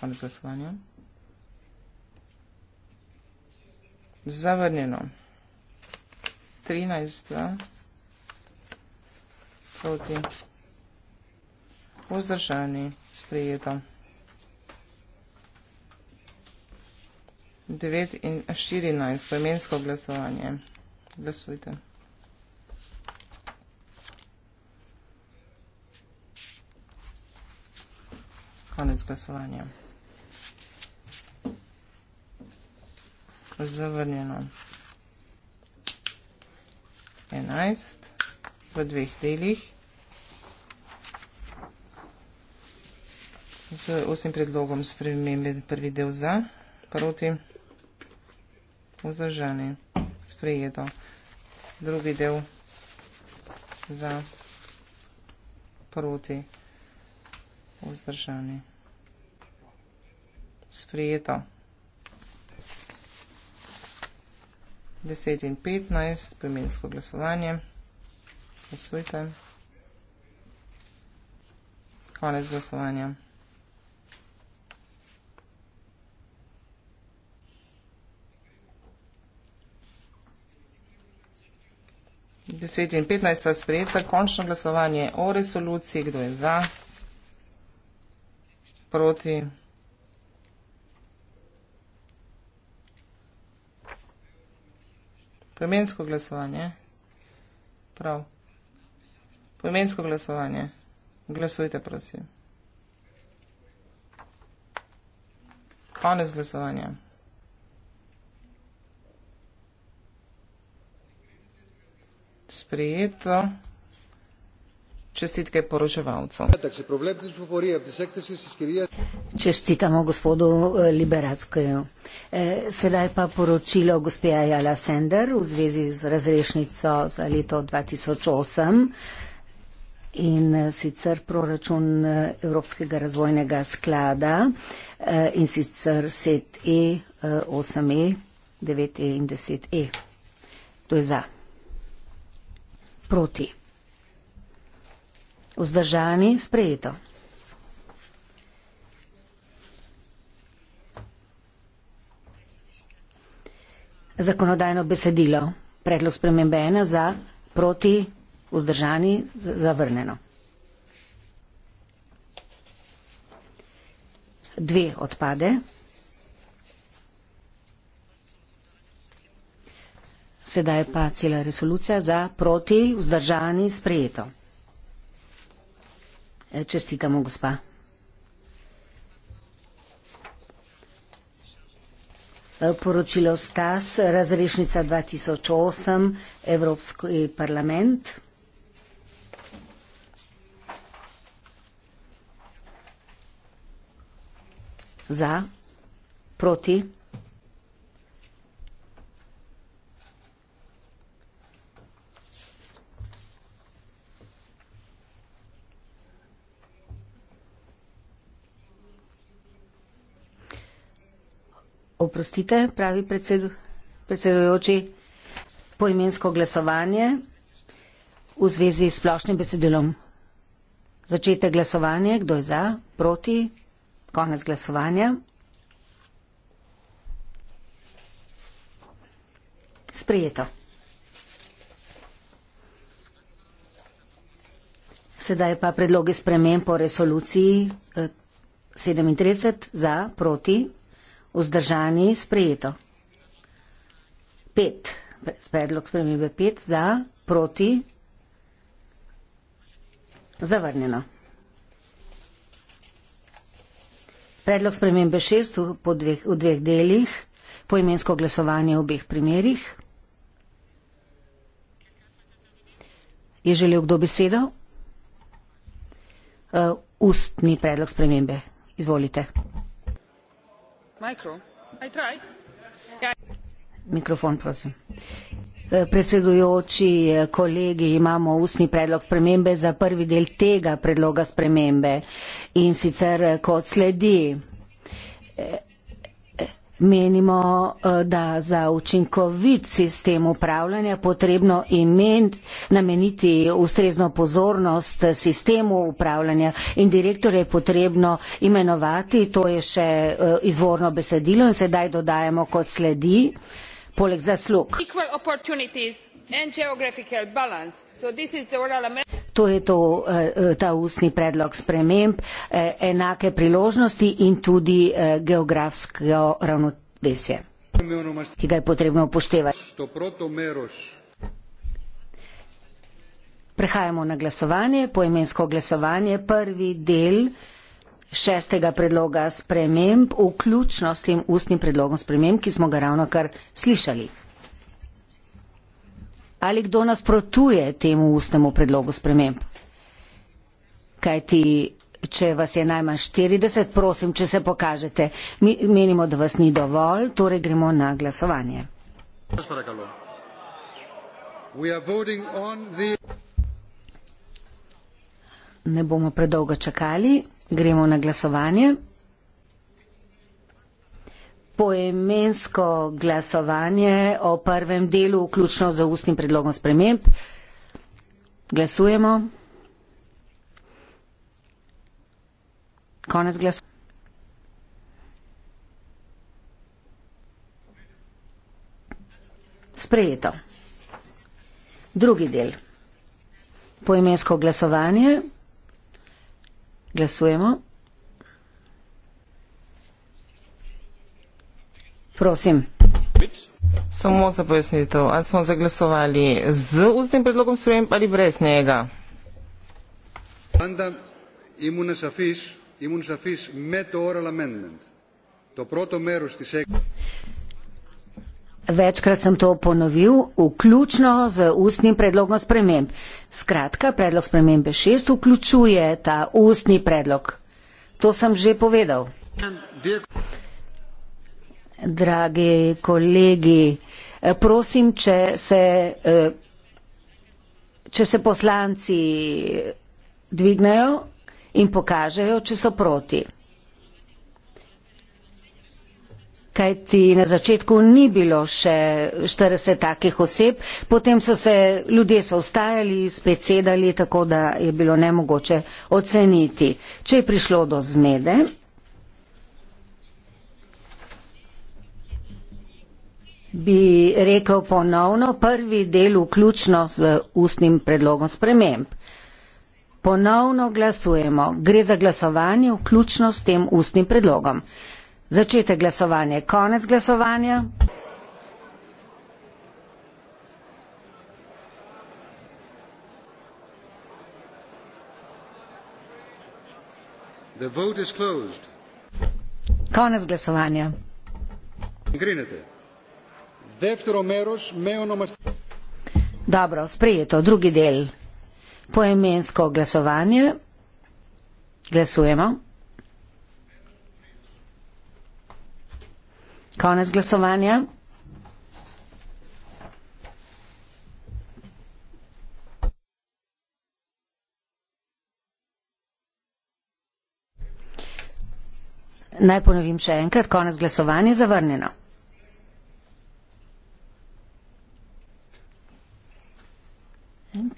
Konec glasovanja. Zavrnjeno. 13. proti. Vzdržani. Sprijeto. 9 in 14, poimensko glasovanje. Glasujte. Konec glasovanja. Zavrnjeno. 11 v dveh delih. Z osim predlogom spremembe prvi del za, proti vzdržani. Sprejeto. Drugi del za proti vzdržani. Sprejeto. 10 in 15, premensko glasovanje. Posujte. Konec glasovanja. 10 in 15 sta sprejeta. Končno glasovanje o resoluciji. Kdo je za? Proti? Poimensko glasovanje. Prav. Poimensko glasovanje. Glasujte, prosim. Konec glasovanja. sprejeto. Čestitke poroževalcu. Čestitamo gospodu eh, Liberackoju. Eh, sedaj pa poročilo gospe Ajala Sender v zvezi z razrešnico za leto 2008 in eh, sicer proračun Evropskega razvojnega sklada in sicer SET E, 8E, 9E in 10E. To je za. Proti. Vzdržani sprejeto. Zakonodajno besedilo. Predlog spremembe ena za proti vzdržani zavrnjeno. Dve odpade. Sedaj pa cela resolucija za proti vzdržani sprejeto. E, čestitamo, gospa. E, poročilo Stas, razrešnica 2008, Evropski parlament. Za, proti. Oprostite, pravi predsedujoči, poimensko glasovanje v zvezi s splošnim besedilom. Začete glasovanje, kdo je za, proti, konec glasovanja. Sprijeto. Sedaj pa predloge spremen po resoluciji 37 eh, za, proti, Vzdržani sprejeto. Pet. Predlog spremembe pet za, proti, zavrnjeno. Predlog spremembe šest v, dveh, v dveh delih, poimensko glasovanje v obeh primerjih. Je želel kdo besedo? Uh, ustni predlog spremembe. Izvolite. Mikrofon, prosim. Eh, predsedujoči eh, kolegi, imamo ustni predlog spremembe za prvi del tega predloga spremembe in sicer eh, kot sledi. Menimo, eh, da za učinkovit sistem upravljanja potrebno imeti, nameniti ustrezno pozornost sistemu upravljanja in direktorje potrebno imenovati, to je še eh, izvorno besedilo in sedaj dodajamo kot sledi, poleg zaslug. To je to, eh, eh, ta ustni predlog sprememb, eh, enake priložnosti in tudi geografsko ravnovesje, ki ga je potrebno upoštevati. Prehajamo na glasovanje, poemensko glasovanje, prvi del šestega predloga sprememb, vključno s tem ustnim predlogom sprememb, ki smo ga ravno kar slišali ali kdo nasprotuje temu ustnemu predlogu sprememb. Kaj ti, če vas je najmanj 40, prosim, če se pokažete, mi menimo, da vas ni dovolj, torej gremo na glasovanje. The... Ne bomo predolgo čakali, gremo na glasovanje poemensko glasovanje o prvem delu, vključno za ustnim predlogom sprememb. Glasujemo. Konec glasu. Sprejeto. Drugi del. Poemensko glasovanje. Glasujemo. Prosim. Samo za pojasnitev, ali smo zaglasovali z ustnim predlogom sprejem ali brez njega? Večkrat sem to ponovil, vključno z ustnim predlogom sprememb. Skratka, predlog spremembe šest vključuje ta ustni predlog. To sem že povedal. Dear dragi kolegi. Eh, prosim, če se, eh, če se poslanci dvignejo in pokažejo, če so proti. Kajti na začetku ni bilo še 40 takih oseb, potem so se ljudje so ustajali, spet sedali, tako da je bilo nemogoče oceniti, če je prišlo do zmede. bi rekel ponovno prvi del vključno z ustnim predlogom sprememb. Ponovno glasujemo. Gre za glasovanje vključno s tem ustnim predlogom. Začetek glasovanja, konec glasovanja. Konec glasovanja. Grinete δεύτερο μέρος με ονομαστική. Dobro, sprejeto, drugi del. Poemensko glasovanje. Glasujemo. Konec glasovanja. Naj ponovim še enkrat, konec glasovanja je zavrnjeno.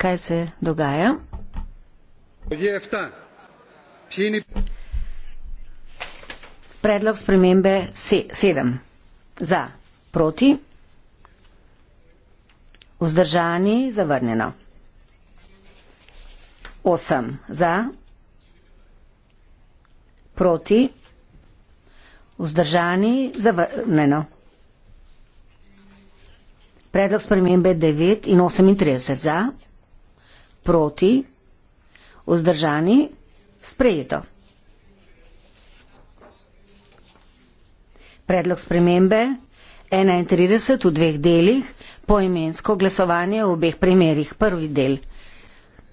kaj se dogaja. Predlog spremembe sedem. Za, proti, vzdržani, zavrnjeno. Osem za, proti, vzdržani, zavrnjeno. Predlog spremembe devet in osemintrideset za, proti, vzdržani, sprejeto. Predlog spremembe 31 v dveh delih, poimensko glasovanje v obeh primerjih. Prvi del.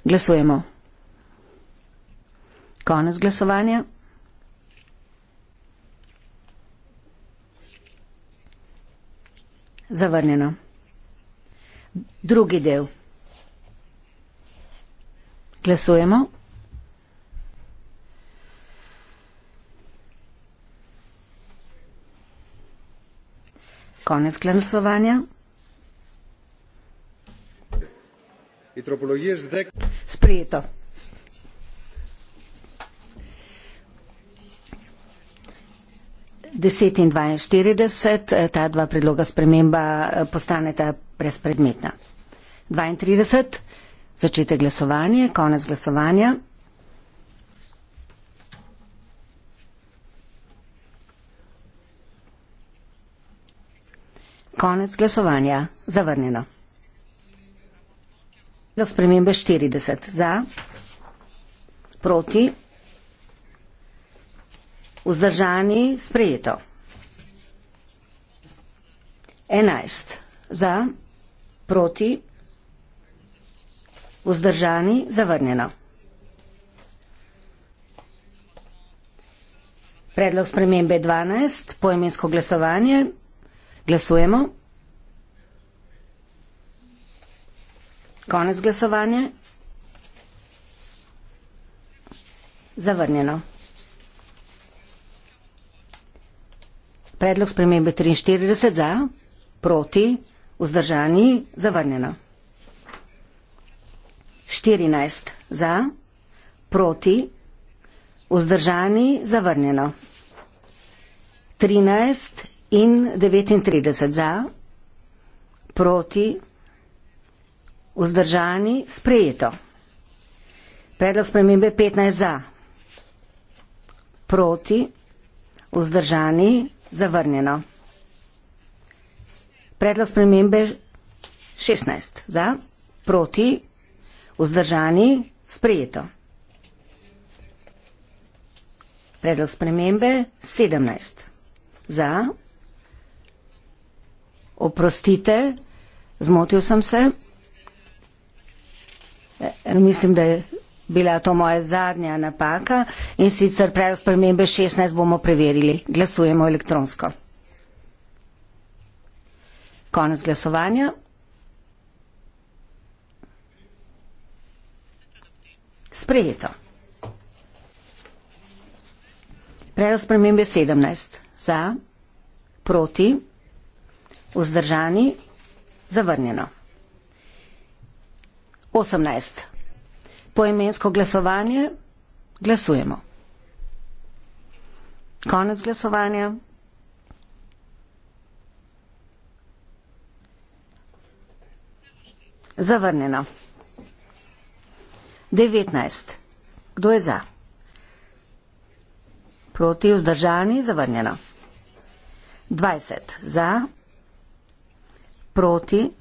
Glasujemo. Konec glasovanja. Zavrnjeno. Drugi del. Glasujemo. Konec glasovanja. Sprejeto. Deset in dvainštirideset, eh, ta dva predloga sprememba eh, postaneta brezpredmetna. Dvaintrideset. Začete glasovanje, konec glasovanja. Konec glasovanja, zavrnjeno. Do spremembe 40 za, proti, vzdržani, sprejeto. 11 za, proti, vzdržani, sprejeto. Vzdržani zavrnjeno. Predlog spremembe 12, poimensko glasovanje. Glasujemo. Konec glasovanje. Zavrnjeno. Predlog spremembe 43 za, proti, vzdržani, zavrnjeno. 14 za, proti, vzdržani, zavrnjeno. 13 in 39 za, proti, vzdržani, sprejeto. Predlog spremembe 15 za, proti, vzdržani, zavrnjeno. Predlog spremembe 16 za, proti, vzdržani, zavrnjeno. Vzdržani sprejeto. Predlog spremembe 17. Za. Oprostite, zmotil sem se. E, mislim, da je bila to moja zadnja napaka in sicer predlog spremembe 16 bomo preverili. Glasujemo elektronsko. Konec glasovanja. Sprejeto. Predlog spremembe 17. Za, proti, vzdržani, zavrnjeno. 18. Poimensko glasovanje. Glasujemo. Konec glasovanja. Zavrnjeno. 19. Kdo je za? Proti vzdržani, zavrnjeno. 20. Za. Proti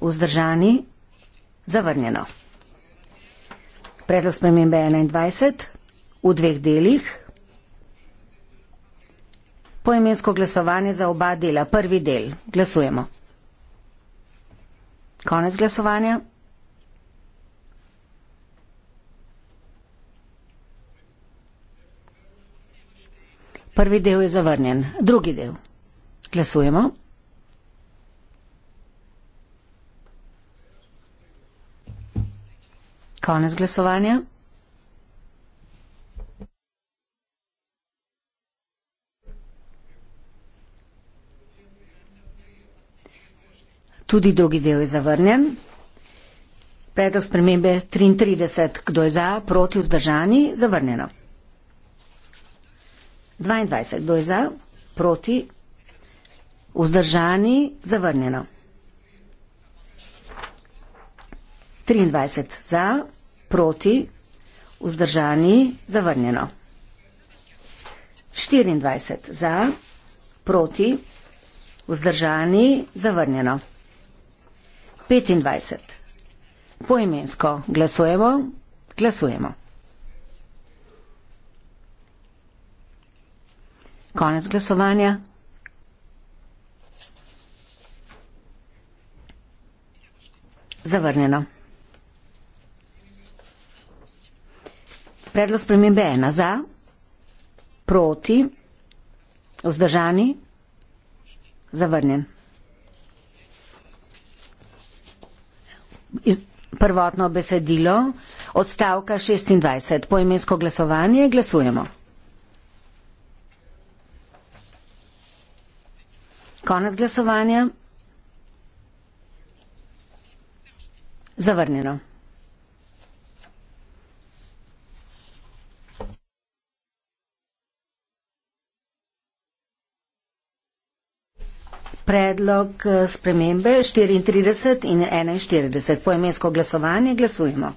vzdržani, zavrnjeno. Predlog spremembe 21. V dveh delih. Poimensko glasovanje za oba dela. Prvi del. Glasujemo. Konec glasovanja. Prvi del je zavrnjen, drugi del. Glasujemo. Konec glasovanja. Tudi drugi del je zavrnjen. Predlog spremembe 33. Kdo je za, proti, vzdržani? Zavrnjeno. 22. Kdo je za? Proti? Vzdržani? Zavrnjeno. 23. Za? Proti? Vzdržani? Zavrnjeno. 24. Za? Proti? Vzdržani? Zavrnjeno. 25. Poimensko glasujemo, glasujemo. Konec glasovanja. Zavrnjeno. Predlog spremembe je za, proti, vzdržani, zavrnjen. Iz prvotno besedilo odstavka 26. Poimensko glasovanje glasujemo. Konec glasovanja. Zavrnjeno. Predlog eh, spremembe 34 in 41. Poemensko glasovanje glasujemo.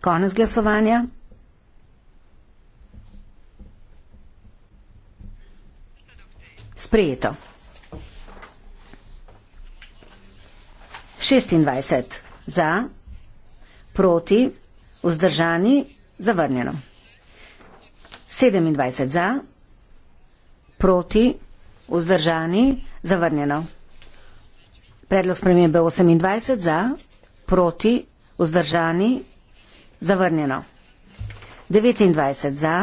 Konec glasovanja. Sprejeto. 26 za, proti, vzdržani, zavrnjeno. 27 za, proti, vzdržani, zavrnjeno. Predlog spremembe 28 za, proti, vzdržani, zavrnjeno. 29 za,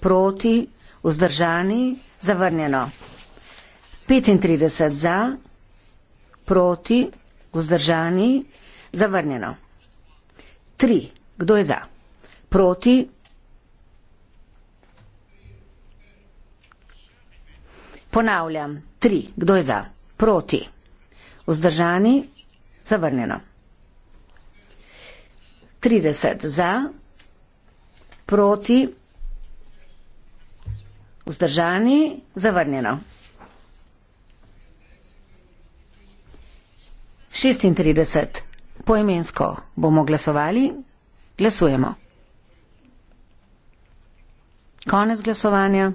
proti, vzdržani, zavrnjeno. 35 za, proti, vzdržani, zavrnjeno. 3. Kdo je za? Proti. Ponavljam. 3. Kdo je za? Proti. Vzdržani, zavrnjeno. 30 za, proti, vzdržani, zavrnjeno. 36. Poimensko bomo glasovali. Glasujemo. Konec glasovanja.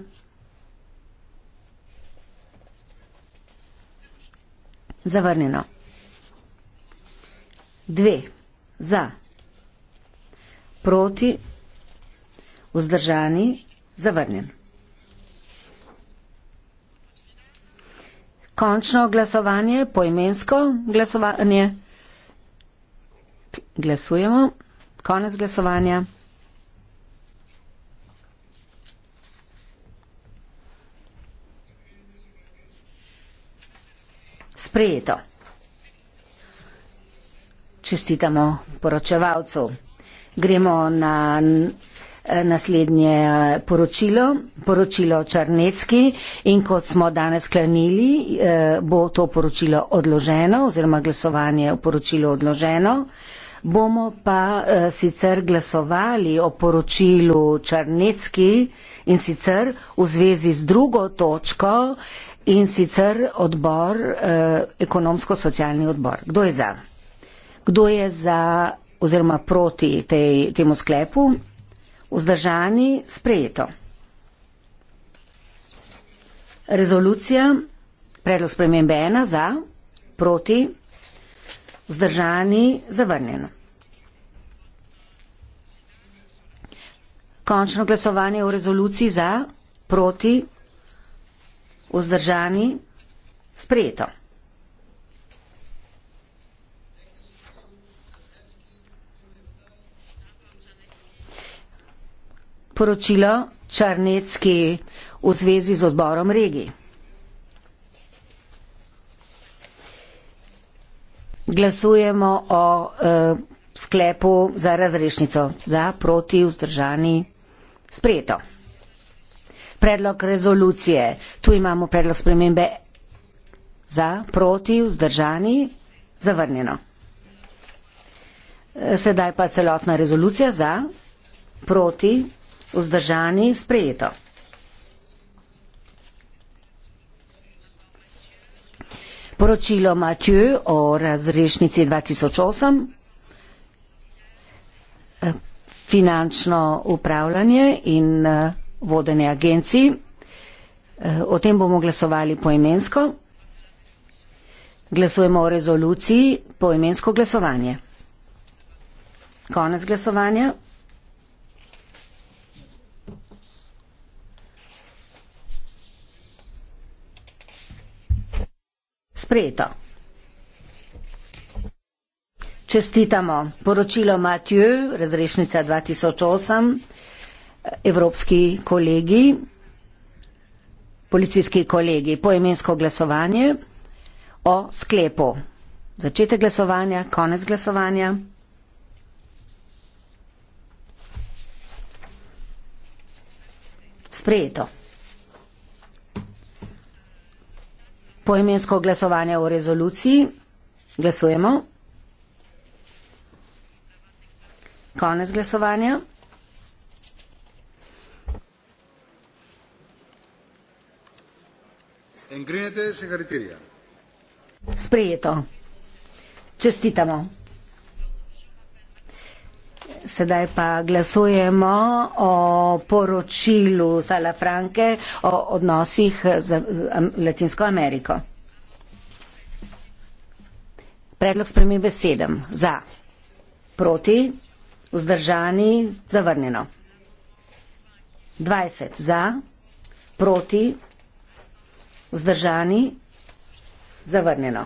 Zavrnjeno. Dve. Za. Proti. Vzdržani. Zavrnjen. Končno glasovanje, poimensko glasovanje. Glasujemo. Konec glasovanja. Sprejeto. Čestitamo poročevalcu. Gremo na naslednje eh, poročilo, poročilo Črnecki in kot smo danes sklenili, eh, bo to poročilo odloženo oziroma glasovanje o poročilu odloženo. Bomo pa eh, sicer glasovali o poročilu Črnecki in sicer v zvezi z drugo točko in sicer odbor, ekonomsko-socialni odbor. Kdo je za? Kdo je za oziroma proti tej, temu sklepu? Vzdržani sprejeto. Rezolucija, predlog spremembe ena za, proti, vzdržani zavrnjen. Končno glasovanje o rezoluciji za, proti, vzdržani sprejeto. poročilo Črnecki v zvezi z odborom regij. Glasujemo o eh, sklepu za razrešnico za proti vzdržani sprejeto. Predlog rezolucije. Tu imamo predlog spremembe za proti vzdržani zavrnjeno. Eh, sedaj pa celotna rezolucija za proti Vzdržani sprejeto. Poročilo Matju o razrešnici 2008. Finančno upravljanje in vodene agenciji. O tem bomo glasovali poimensko. Glasujemo o rezoluciji poimensko glasovanje. Konec glasovanja. sprejeto. Čestitamo poročilo Matiju, razrešnica 2008, evropski kolegi, policijski kolegi, poemensko glasovanje o sklepu. Začetek glasovanja, konec glasovanja. Sprejeto. poimensko glasovanje o rezoluciji. Glasujemo. Konec glasovanja. Sprejeto. Čestitamo. Sedaj pa glasujemo o poročilu Sala Franke o odnosih z Latinsko Ameriko. Predlog spremi besedem. Za. Proti. Vzdržani. Zavrnjeno. 20. Za. Proti. Vzdržani. Zavrnjeno.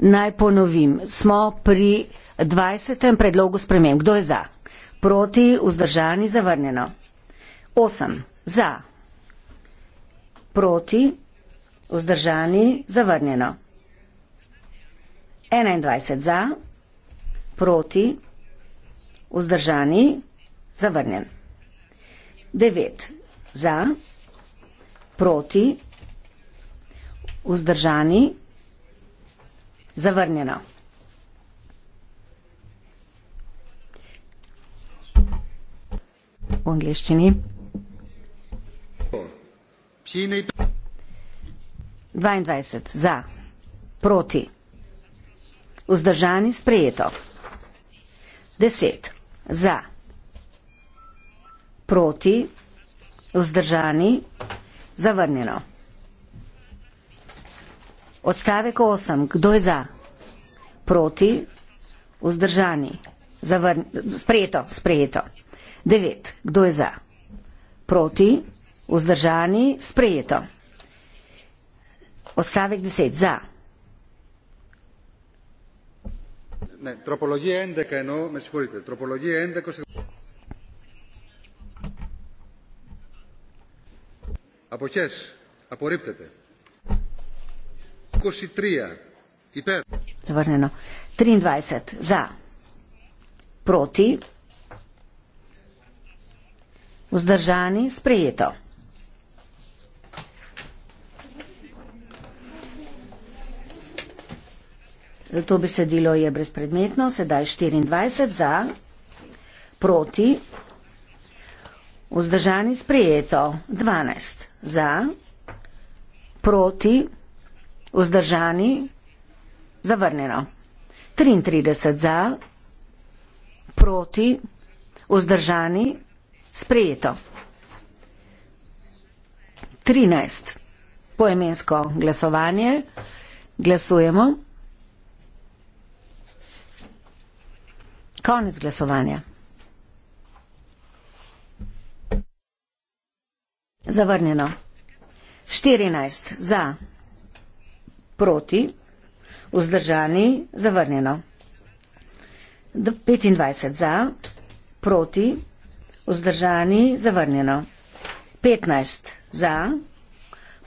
Naj ponovim, smo pri 20. predlogu spremem. Kdo je za? Proti, vzdržani, zavrnjeno. 8. Za. Proti, vzdržani, zavrnjeno. 21. Za. Proti, vzdržani, zavrnjen. 9. Za. Proti, vzdržani, zavrnjeno. Zavrnjeno. V angliščini. 22 za, proti, vzdržani sprejeto, 10 za, proti, vzdržani, zavrnjeno. Odstavek 8. Kdo je za? Proti? Vzdržani? Zavrn... Sprejeto, sprejeto. 9. Kdo je za? Proti? Vzdržani? Sprejeto. Odstavek 10. Za. Ne, tropologija je endeka, no, me skurite. Tropologija je endeka, ko se... Apo čes? Apo riptete? Zavrnjeno. 23 za. Proti. Vzdržani. Sprejeto. To besedilo je brezpredmetno, sedaj 24 za, proti, vzdržani sprejeto, 12 za, proti. Vzdržani, zavrnjeno. 33 za, proti, vzdržani, sprejeto. 13, poemensko glasovanje, glasujemo. Konec glasovanja. Zavrnjeno. 14 za proti, vzdržani, zavrnjeno. 25 za, proti, vzdržani, zavrnjeno. 15 za,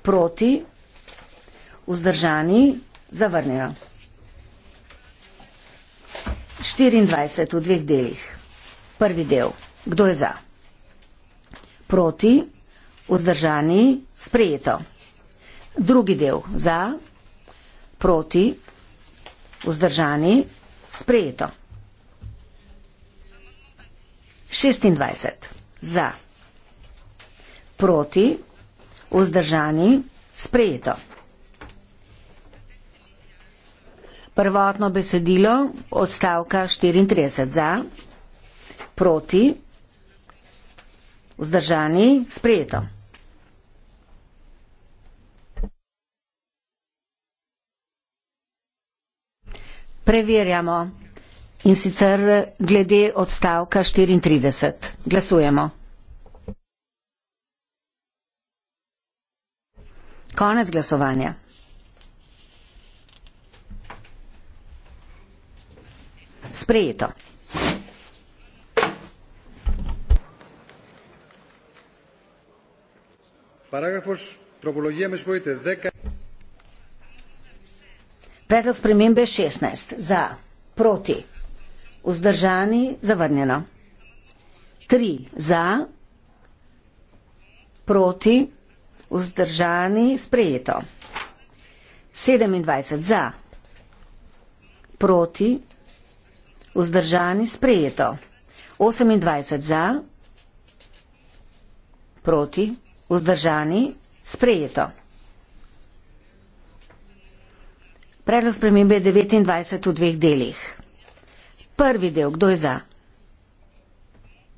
proti, vzdržani, zavrnjeno. 24 v dveh delih. Prvi del. Kdo je za? Proti, vzdržani, sprejeto. Drugi del. Za, proti, vzdržani, sprejeto. 26 za, proti, vzdržani, sprejeto. Prvotno besedilo odstavka 34 za, proti, vzdržani, sprejeto. preverjamo in sicer glede odstavka 34. Glasujemo. Konec glasovanja. Sprejeto. Paragrafos, tropologija, me zgodite, 10. Predlog spremembe 16. Za, proti, vzdržani, zavrnjeno. 3. Za, proti, vzdržani, sprejeto. 27. Za, proti, vzdržani, sprejeto. 28. Za, proti, vzdržani, sprejeto. Predlog spremembe je 29 v dveh delih. Prvi del, kdo je za?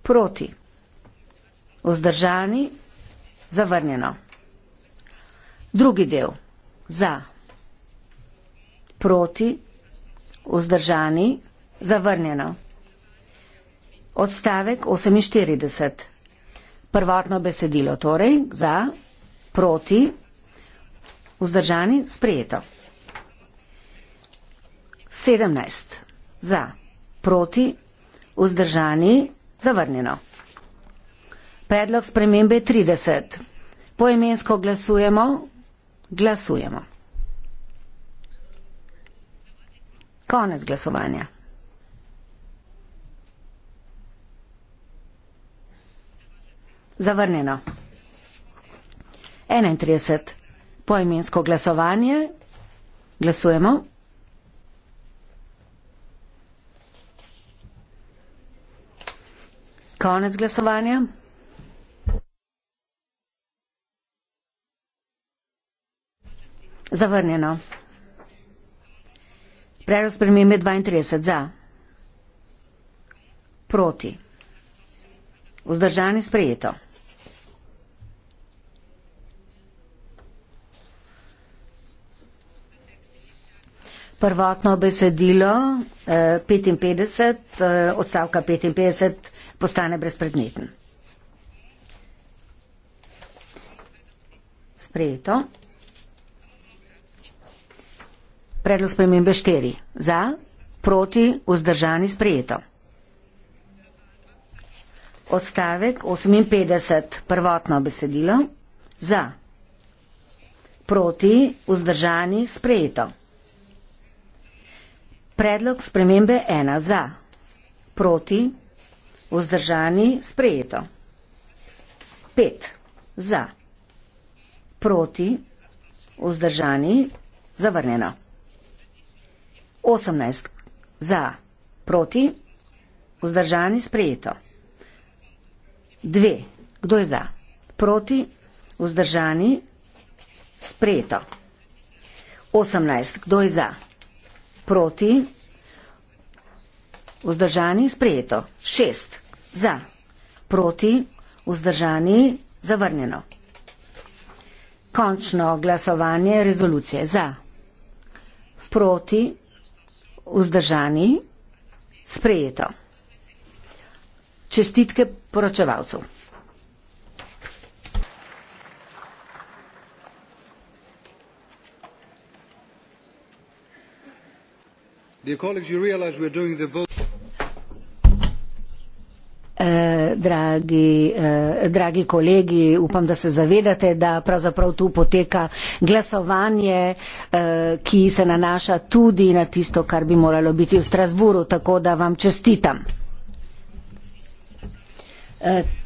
Proti. Ozdržani. Zavrnjeno. Drugi del. Za. Proti. Ozdržani. Zavrnjeno. Odstavek 48. Prvotno besedilo torej. Za. Proti. Vzdržani, sprejeto. 17 za, proti, vzdržani, zavrnjeno. Predlog spremembe 30. Poimensko glasujemo, glasujemo. Konec glasovanja. Zavrnjeno. 31. Poimensko glasovanje. Glasujemo. Konec glasovanja. Zavrnjeno. Predlog spremembe 32 za. Proti. Vzdržani sprejeto. prvotno besedilo 55, eh, eh, odstavka 55 postane brezpredmeten. Sprejeto. Predlog spremembe 4. Za, proti, vzdržani, sprejeto. Odstavek 58, prvotno besedilo. Za, proti, vzdržani, sprejeto. Predlog spremembe ena za, proti, vzdržani, sprejeto. Pet za, proti, vzdržani, zavrnjeno. Osemnajst za, proti, vzdržani, sprejeto. Dve, kdo je za, proti, vzdržani, sprejeto. Osemnajst, kdo je za, proti, vzdržani, sprejeto proti, vzdržani, sprejeto. Šest za, proti, vzdržani, zavrnjeno. Končno glasovanje rezolucije za, proti, vzdržani, sprejeto. Čestitke poročevalcev. Dear colleagues, you realize we're doing the vote. Eh, dragi, eh, dragi kolegi, upam, da se zavedate, da pravzaprav tu poteka glasovanje, eh, ki se nanaša tudi na tisto, kar bi moralo biti v Strasburu, tako da vam čestitam.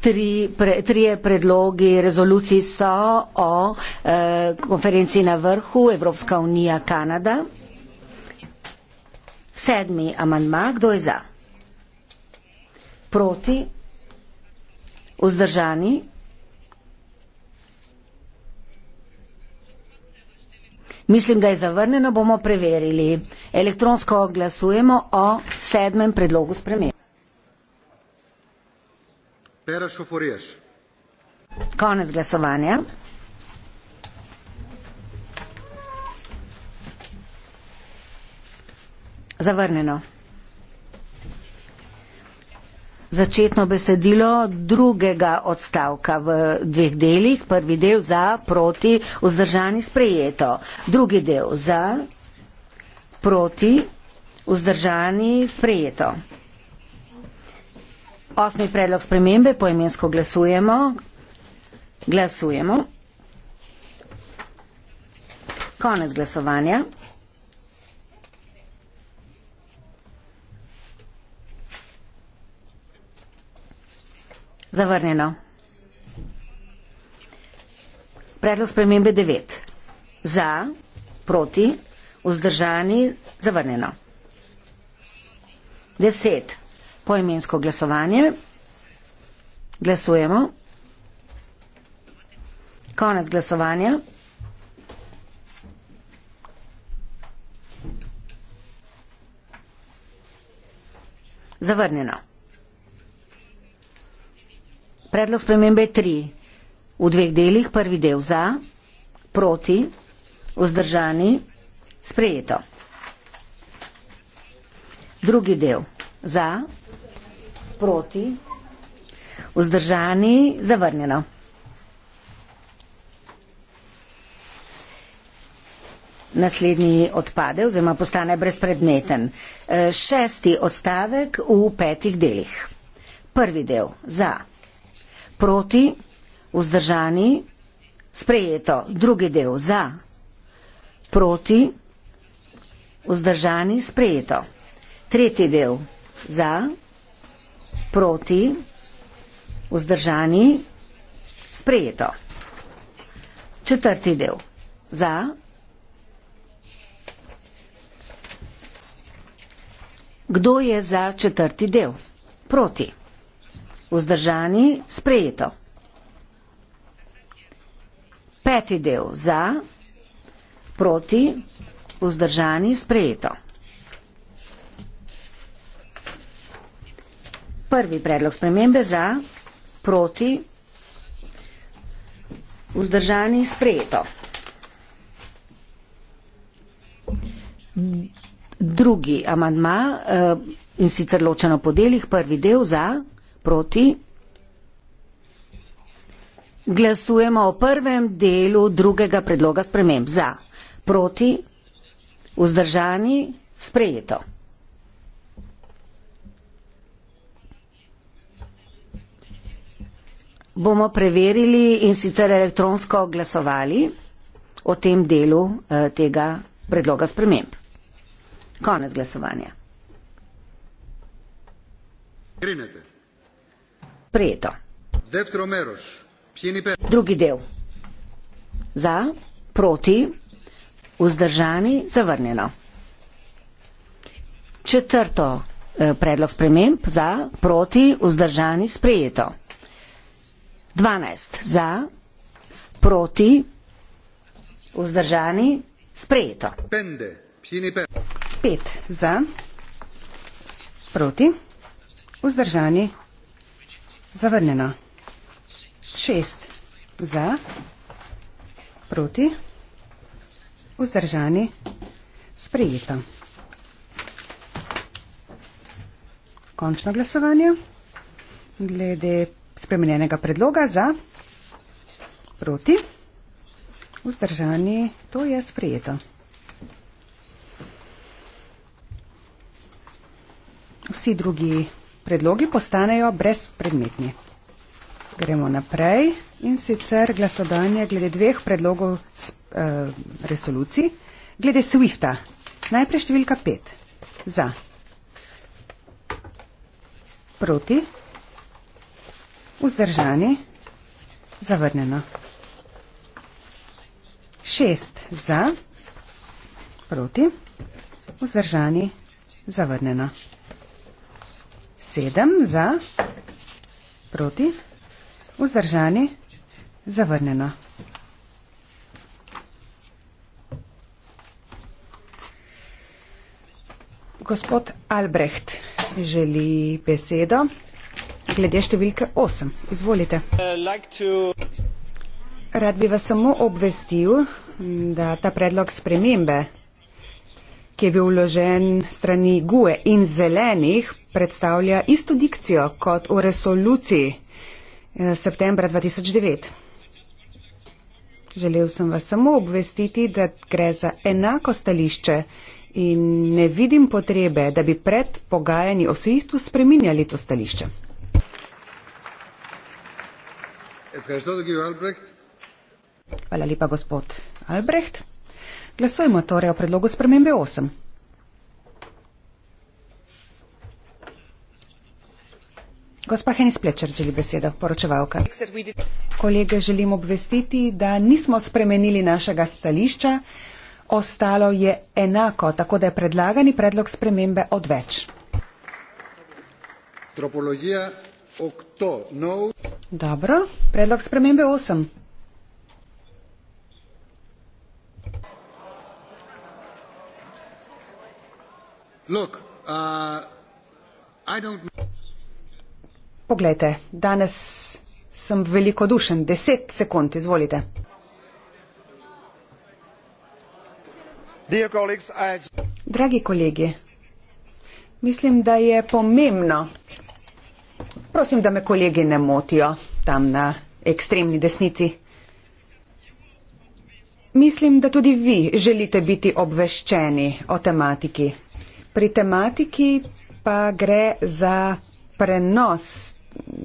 Tri, pre, trije predlogi rezoluciji so o konferenci na vrhu Evropska unija Kanada. Sedmi amandma, kdo je za? Proti? Vzdržani? Mislim, da je zavrneno, bomo preverili. Elektronsko glasujemo o sedmem predlogu spremenja. Konec glasovanja. Zavrnjeno. Začetno besedilo drugega odstavka v dveh delih. Prvi del za, proti, vzdržani sprejeto. Drugi del za, proti, vzdržani sprejeto. Osmi predlog spremembe, poimensko glasujemo. Glasujemo. Konec glasovanja. Zavrnjeno. Predlog spremembe 9. Za, proti, vzdržani, zavrnjeno. 10. Poimensko glasovanje. Glasujemo. Konec glasovanja. Zavrnjeno. Predlog spremembe je tri. V dveh delih, prvi del za, proti, vzdržani, sprejeto. Drugi del za, proti, vzdržani, zavrnjeno. Naslednji odpade oziroma postane brezpredmeten. E, šesti odstavek v petih delih. Prvi del za proti, vzdržani, sprejeto, drugi del za, proti, vzdržani, sprejeto, tretji del za, proti, vzdržani, sprejeto, četrti del za, kdo je za četrti del, proti. Vzdržani sprejeto. Peti del za, proti, vzdržani sprejeto. Prvi predlog spremembe za, proti, vzdržani sprejeto. Drugi amandma eh, in sicer ločeno po delih, prvi del za, proti. Glasujemo o prvem delu drugega predloga sprememb. Za, proti, vzdržani, sprejeto. Bomo preverili in sicer elektronsko glasovali o tem delu eh, tega predloga sprememb. Konec glasovanja. Grinete prijeto. Δεύτερο μέρος. Ποιοι είναι υπέρ. Drugi deo. Za, proti, uzdržani, zavrnjeno. Četrto e, predlog sprememb za, proti, vzdržani, sprejeto. 12 za, proti, vzdržani, sprejeto. 5 za, proti, vzdržani, Zavrnjeno. Šest. Za. Proti. Vzdržani. Sprejeto. Končno glasovanje. Glede spremenjenega predloga za. Proti. Vzdržani. To je sprejeto. Vsi drugi predlogi postanejo brezpredmetni. Gremo naprej in sicer glasovanje glede dveh predlogov eh, resolucij, glede SWIFT-a. Najprej številka pet. Za. Proti. Vzdržani. Zavrnjeno. Šest za, proti, vzdržani, zavrnjeno. Sedem za, proti, vzdržani, zavrnjeno. Gospod Albreht želi besedo glede številke 8. Izvolite. Rad bi vas samo obvestil, da ta predlog spremembe ki je bil vložen strani GUE in zelenih, predstavlja isto dikcijo kot v resoluciji eh, septembra 2009. Želel sem vas samo obvestiti, da gre za enako stališče in ne vidim potrebe, da bi pred pogajanji o SWIFT-u spreminjali to stališče. Hvala lepa, gospod Albrecht. Glasujemo torej o predlogu spremembe 8. Gospa Henis Plečer želi besedo, poročevalka. Kolege želim obvestiti, da nismo spremenili našega stališča. Ostalo je enako, tako da je predlagani predlog spremembe odveč. Dobro, predlog spremembe 8. Uh, Poglejte, danes sem velikodušen. Deset sekund, izvolite. Dragi kolegi, mislim, da je pomembno, prosim, da me kolegi ne motijo tam na ekstremni desnici. Mislim, da tudi vi želite biti obveščeni o tematiki Pri tematiki pa gre za prenos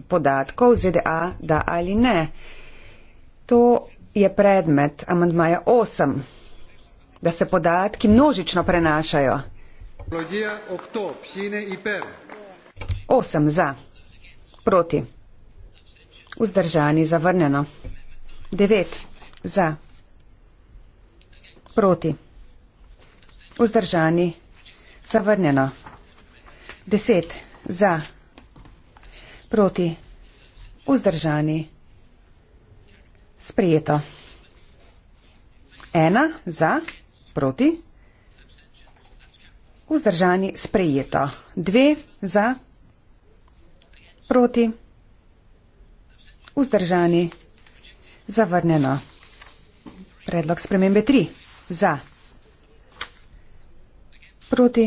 podatkov ZDA, da ali ne. To je predmet amantmaja 8, da se podatki množično prenašajo. 8 za, proti, vzdržani zavrnjeno, 9 za, proti, vzdržani zavrnjeno. Zavrnjeno. Deset. Za. Proti. Vzdržani. Sprijeto. Ena. Za. Proti. Vzdržani. Sprijeto. Dve. Za. Proti. Vzdržani. Zavrnjeno. Predlog spremembe tri. Za. Proti.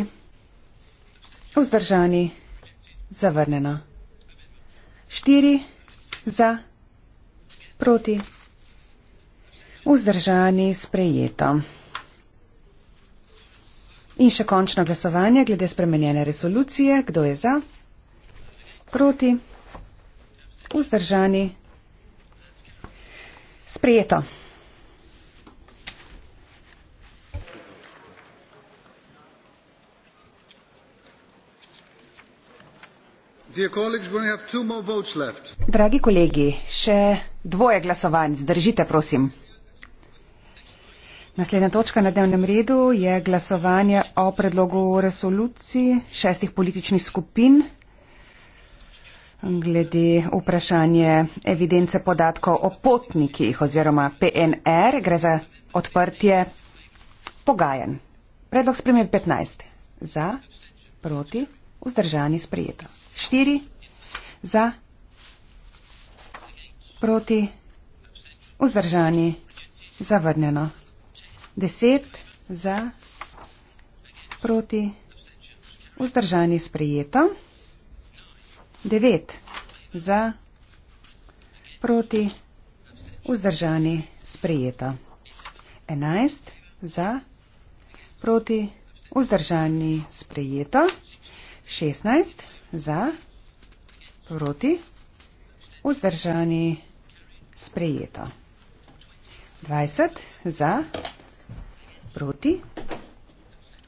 Vzdržani. Zavrnjeno. Štiri. Za. Proti. Vzdržani. Sprejeto. In še končno glasovanje glede spremenjene resolucije. Kdo je za? Proti. Vzdržani. Sprejeto. Dragi kolegi, še dvoje glasovanj, zdržite prosim. Naslednja točka na dnevnem redu je glasovanje o predlogu resoluciji šestih političnih skupin glede vprašanje evidence podatkov o potnikih oziroma PNR. Gre za odprtje pogajanj. Predlog spremembe 15. Za, proti, vzdržani, sprejeto štiri za, proti, vzdržani, zavrnjeno. Deset za, proti, vzdržani, sprejeto. Devet za, proti, vzdržani, sprejeto. Enajst za, proti, vzdržani, sprejeto. Šestnajst za, proti, vzdržani, sprejeto. 20 za, proti,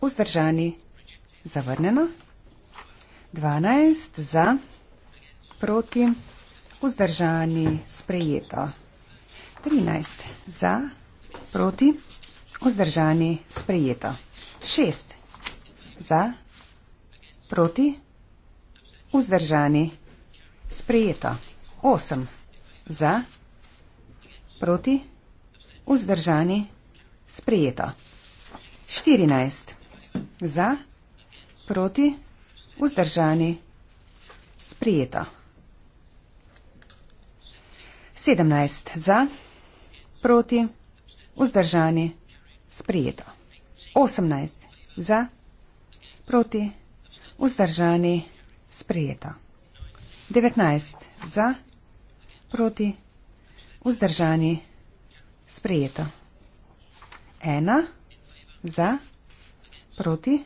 vzdržani, zavrnjeno. 12 za, proti, vzdržani, sprejeto. 13 za, proti, vzdržani, sprejeto. 6 za, proti, vzdržani, sprejeto. Vzdržani. Sprejeto. 8. Za. Proti. Vzdržani. Sprejeto. 14. Za. Proti. Vzdržani. Sprejeto. 17. Za. Proti. Vzdržani. Sprejeto. 18. Za. Proti. Vzdržani. Sprejeto sprejeta. 19 za, proti, vzdržani, sprejeta. 1 za, proti,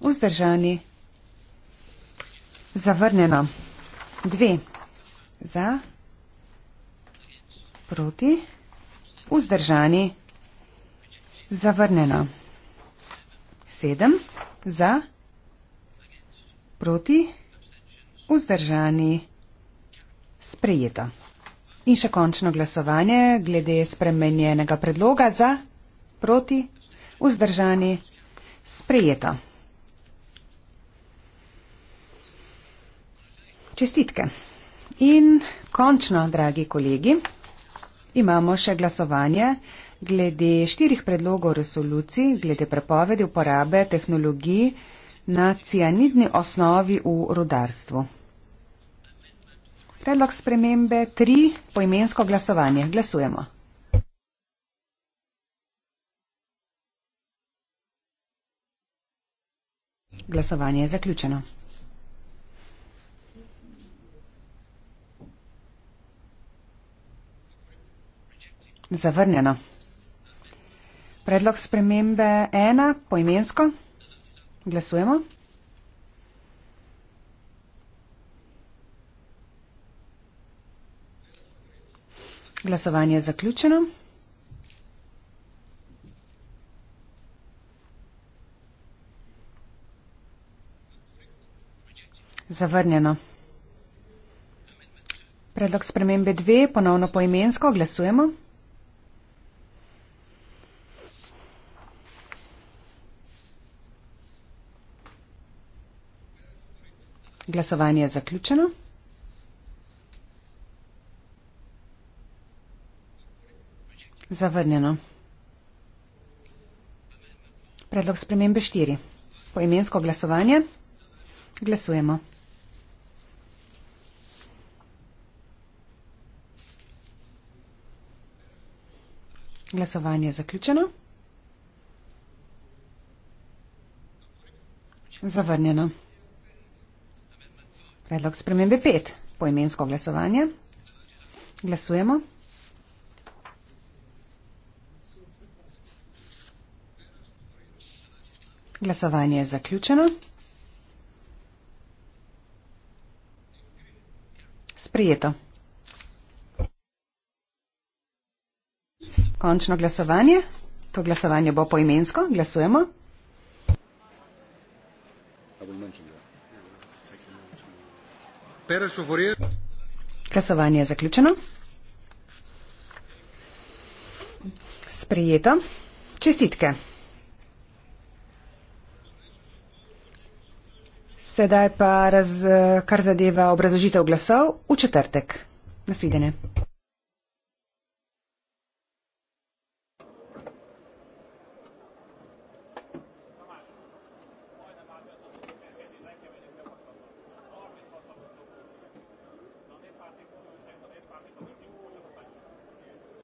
vzdržani, zavrnjena. 2 za, proti, vzdržani, zavrnjena. 7 za, proti, vzdržani vzdržani. Sprejeto. In še končno glasovanje glede spremenjenega predloga za, proti, vzdržani. Sprejeto. Čestitke. In končno, dragi kolegi, imamo še glasovanje glede štirih predlogov resolucij glede prepovedi uporabe tehnologij na cianidni osnovi v rudarstvu. Predlog spremembe 3, poimensko glasovanje. Glasujemo. Glasovanje je zaključeno. Zavrnjeno. Predlog spremembe 1, poimensko. Glasujemo. Glasovanje je zaključeno. Zavrnjeno. Predlog spremembe dve, ponovno poimensko, glasujemo. Glasovanje je zaključeno. Zavrnjeno. Predlog spremembe štiri. Poimensko glasovanje. Glasujemo. Glasovanje je zaključeno. Zavrnjeno. Predlog spremembe 5. Poimensko glasovanje. Glasujemo. Glasovanje je zaključeno. Sprijeto. Končno glasovanje. To glasovanje bo poimensko. Glasujemo. Glasovanje je zaključeno. Sprijeto. Čestitke. Sedaj pa, raz, eh, kar zadeva obrazložitev glasov, v četrtek. Nasvidenje.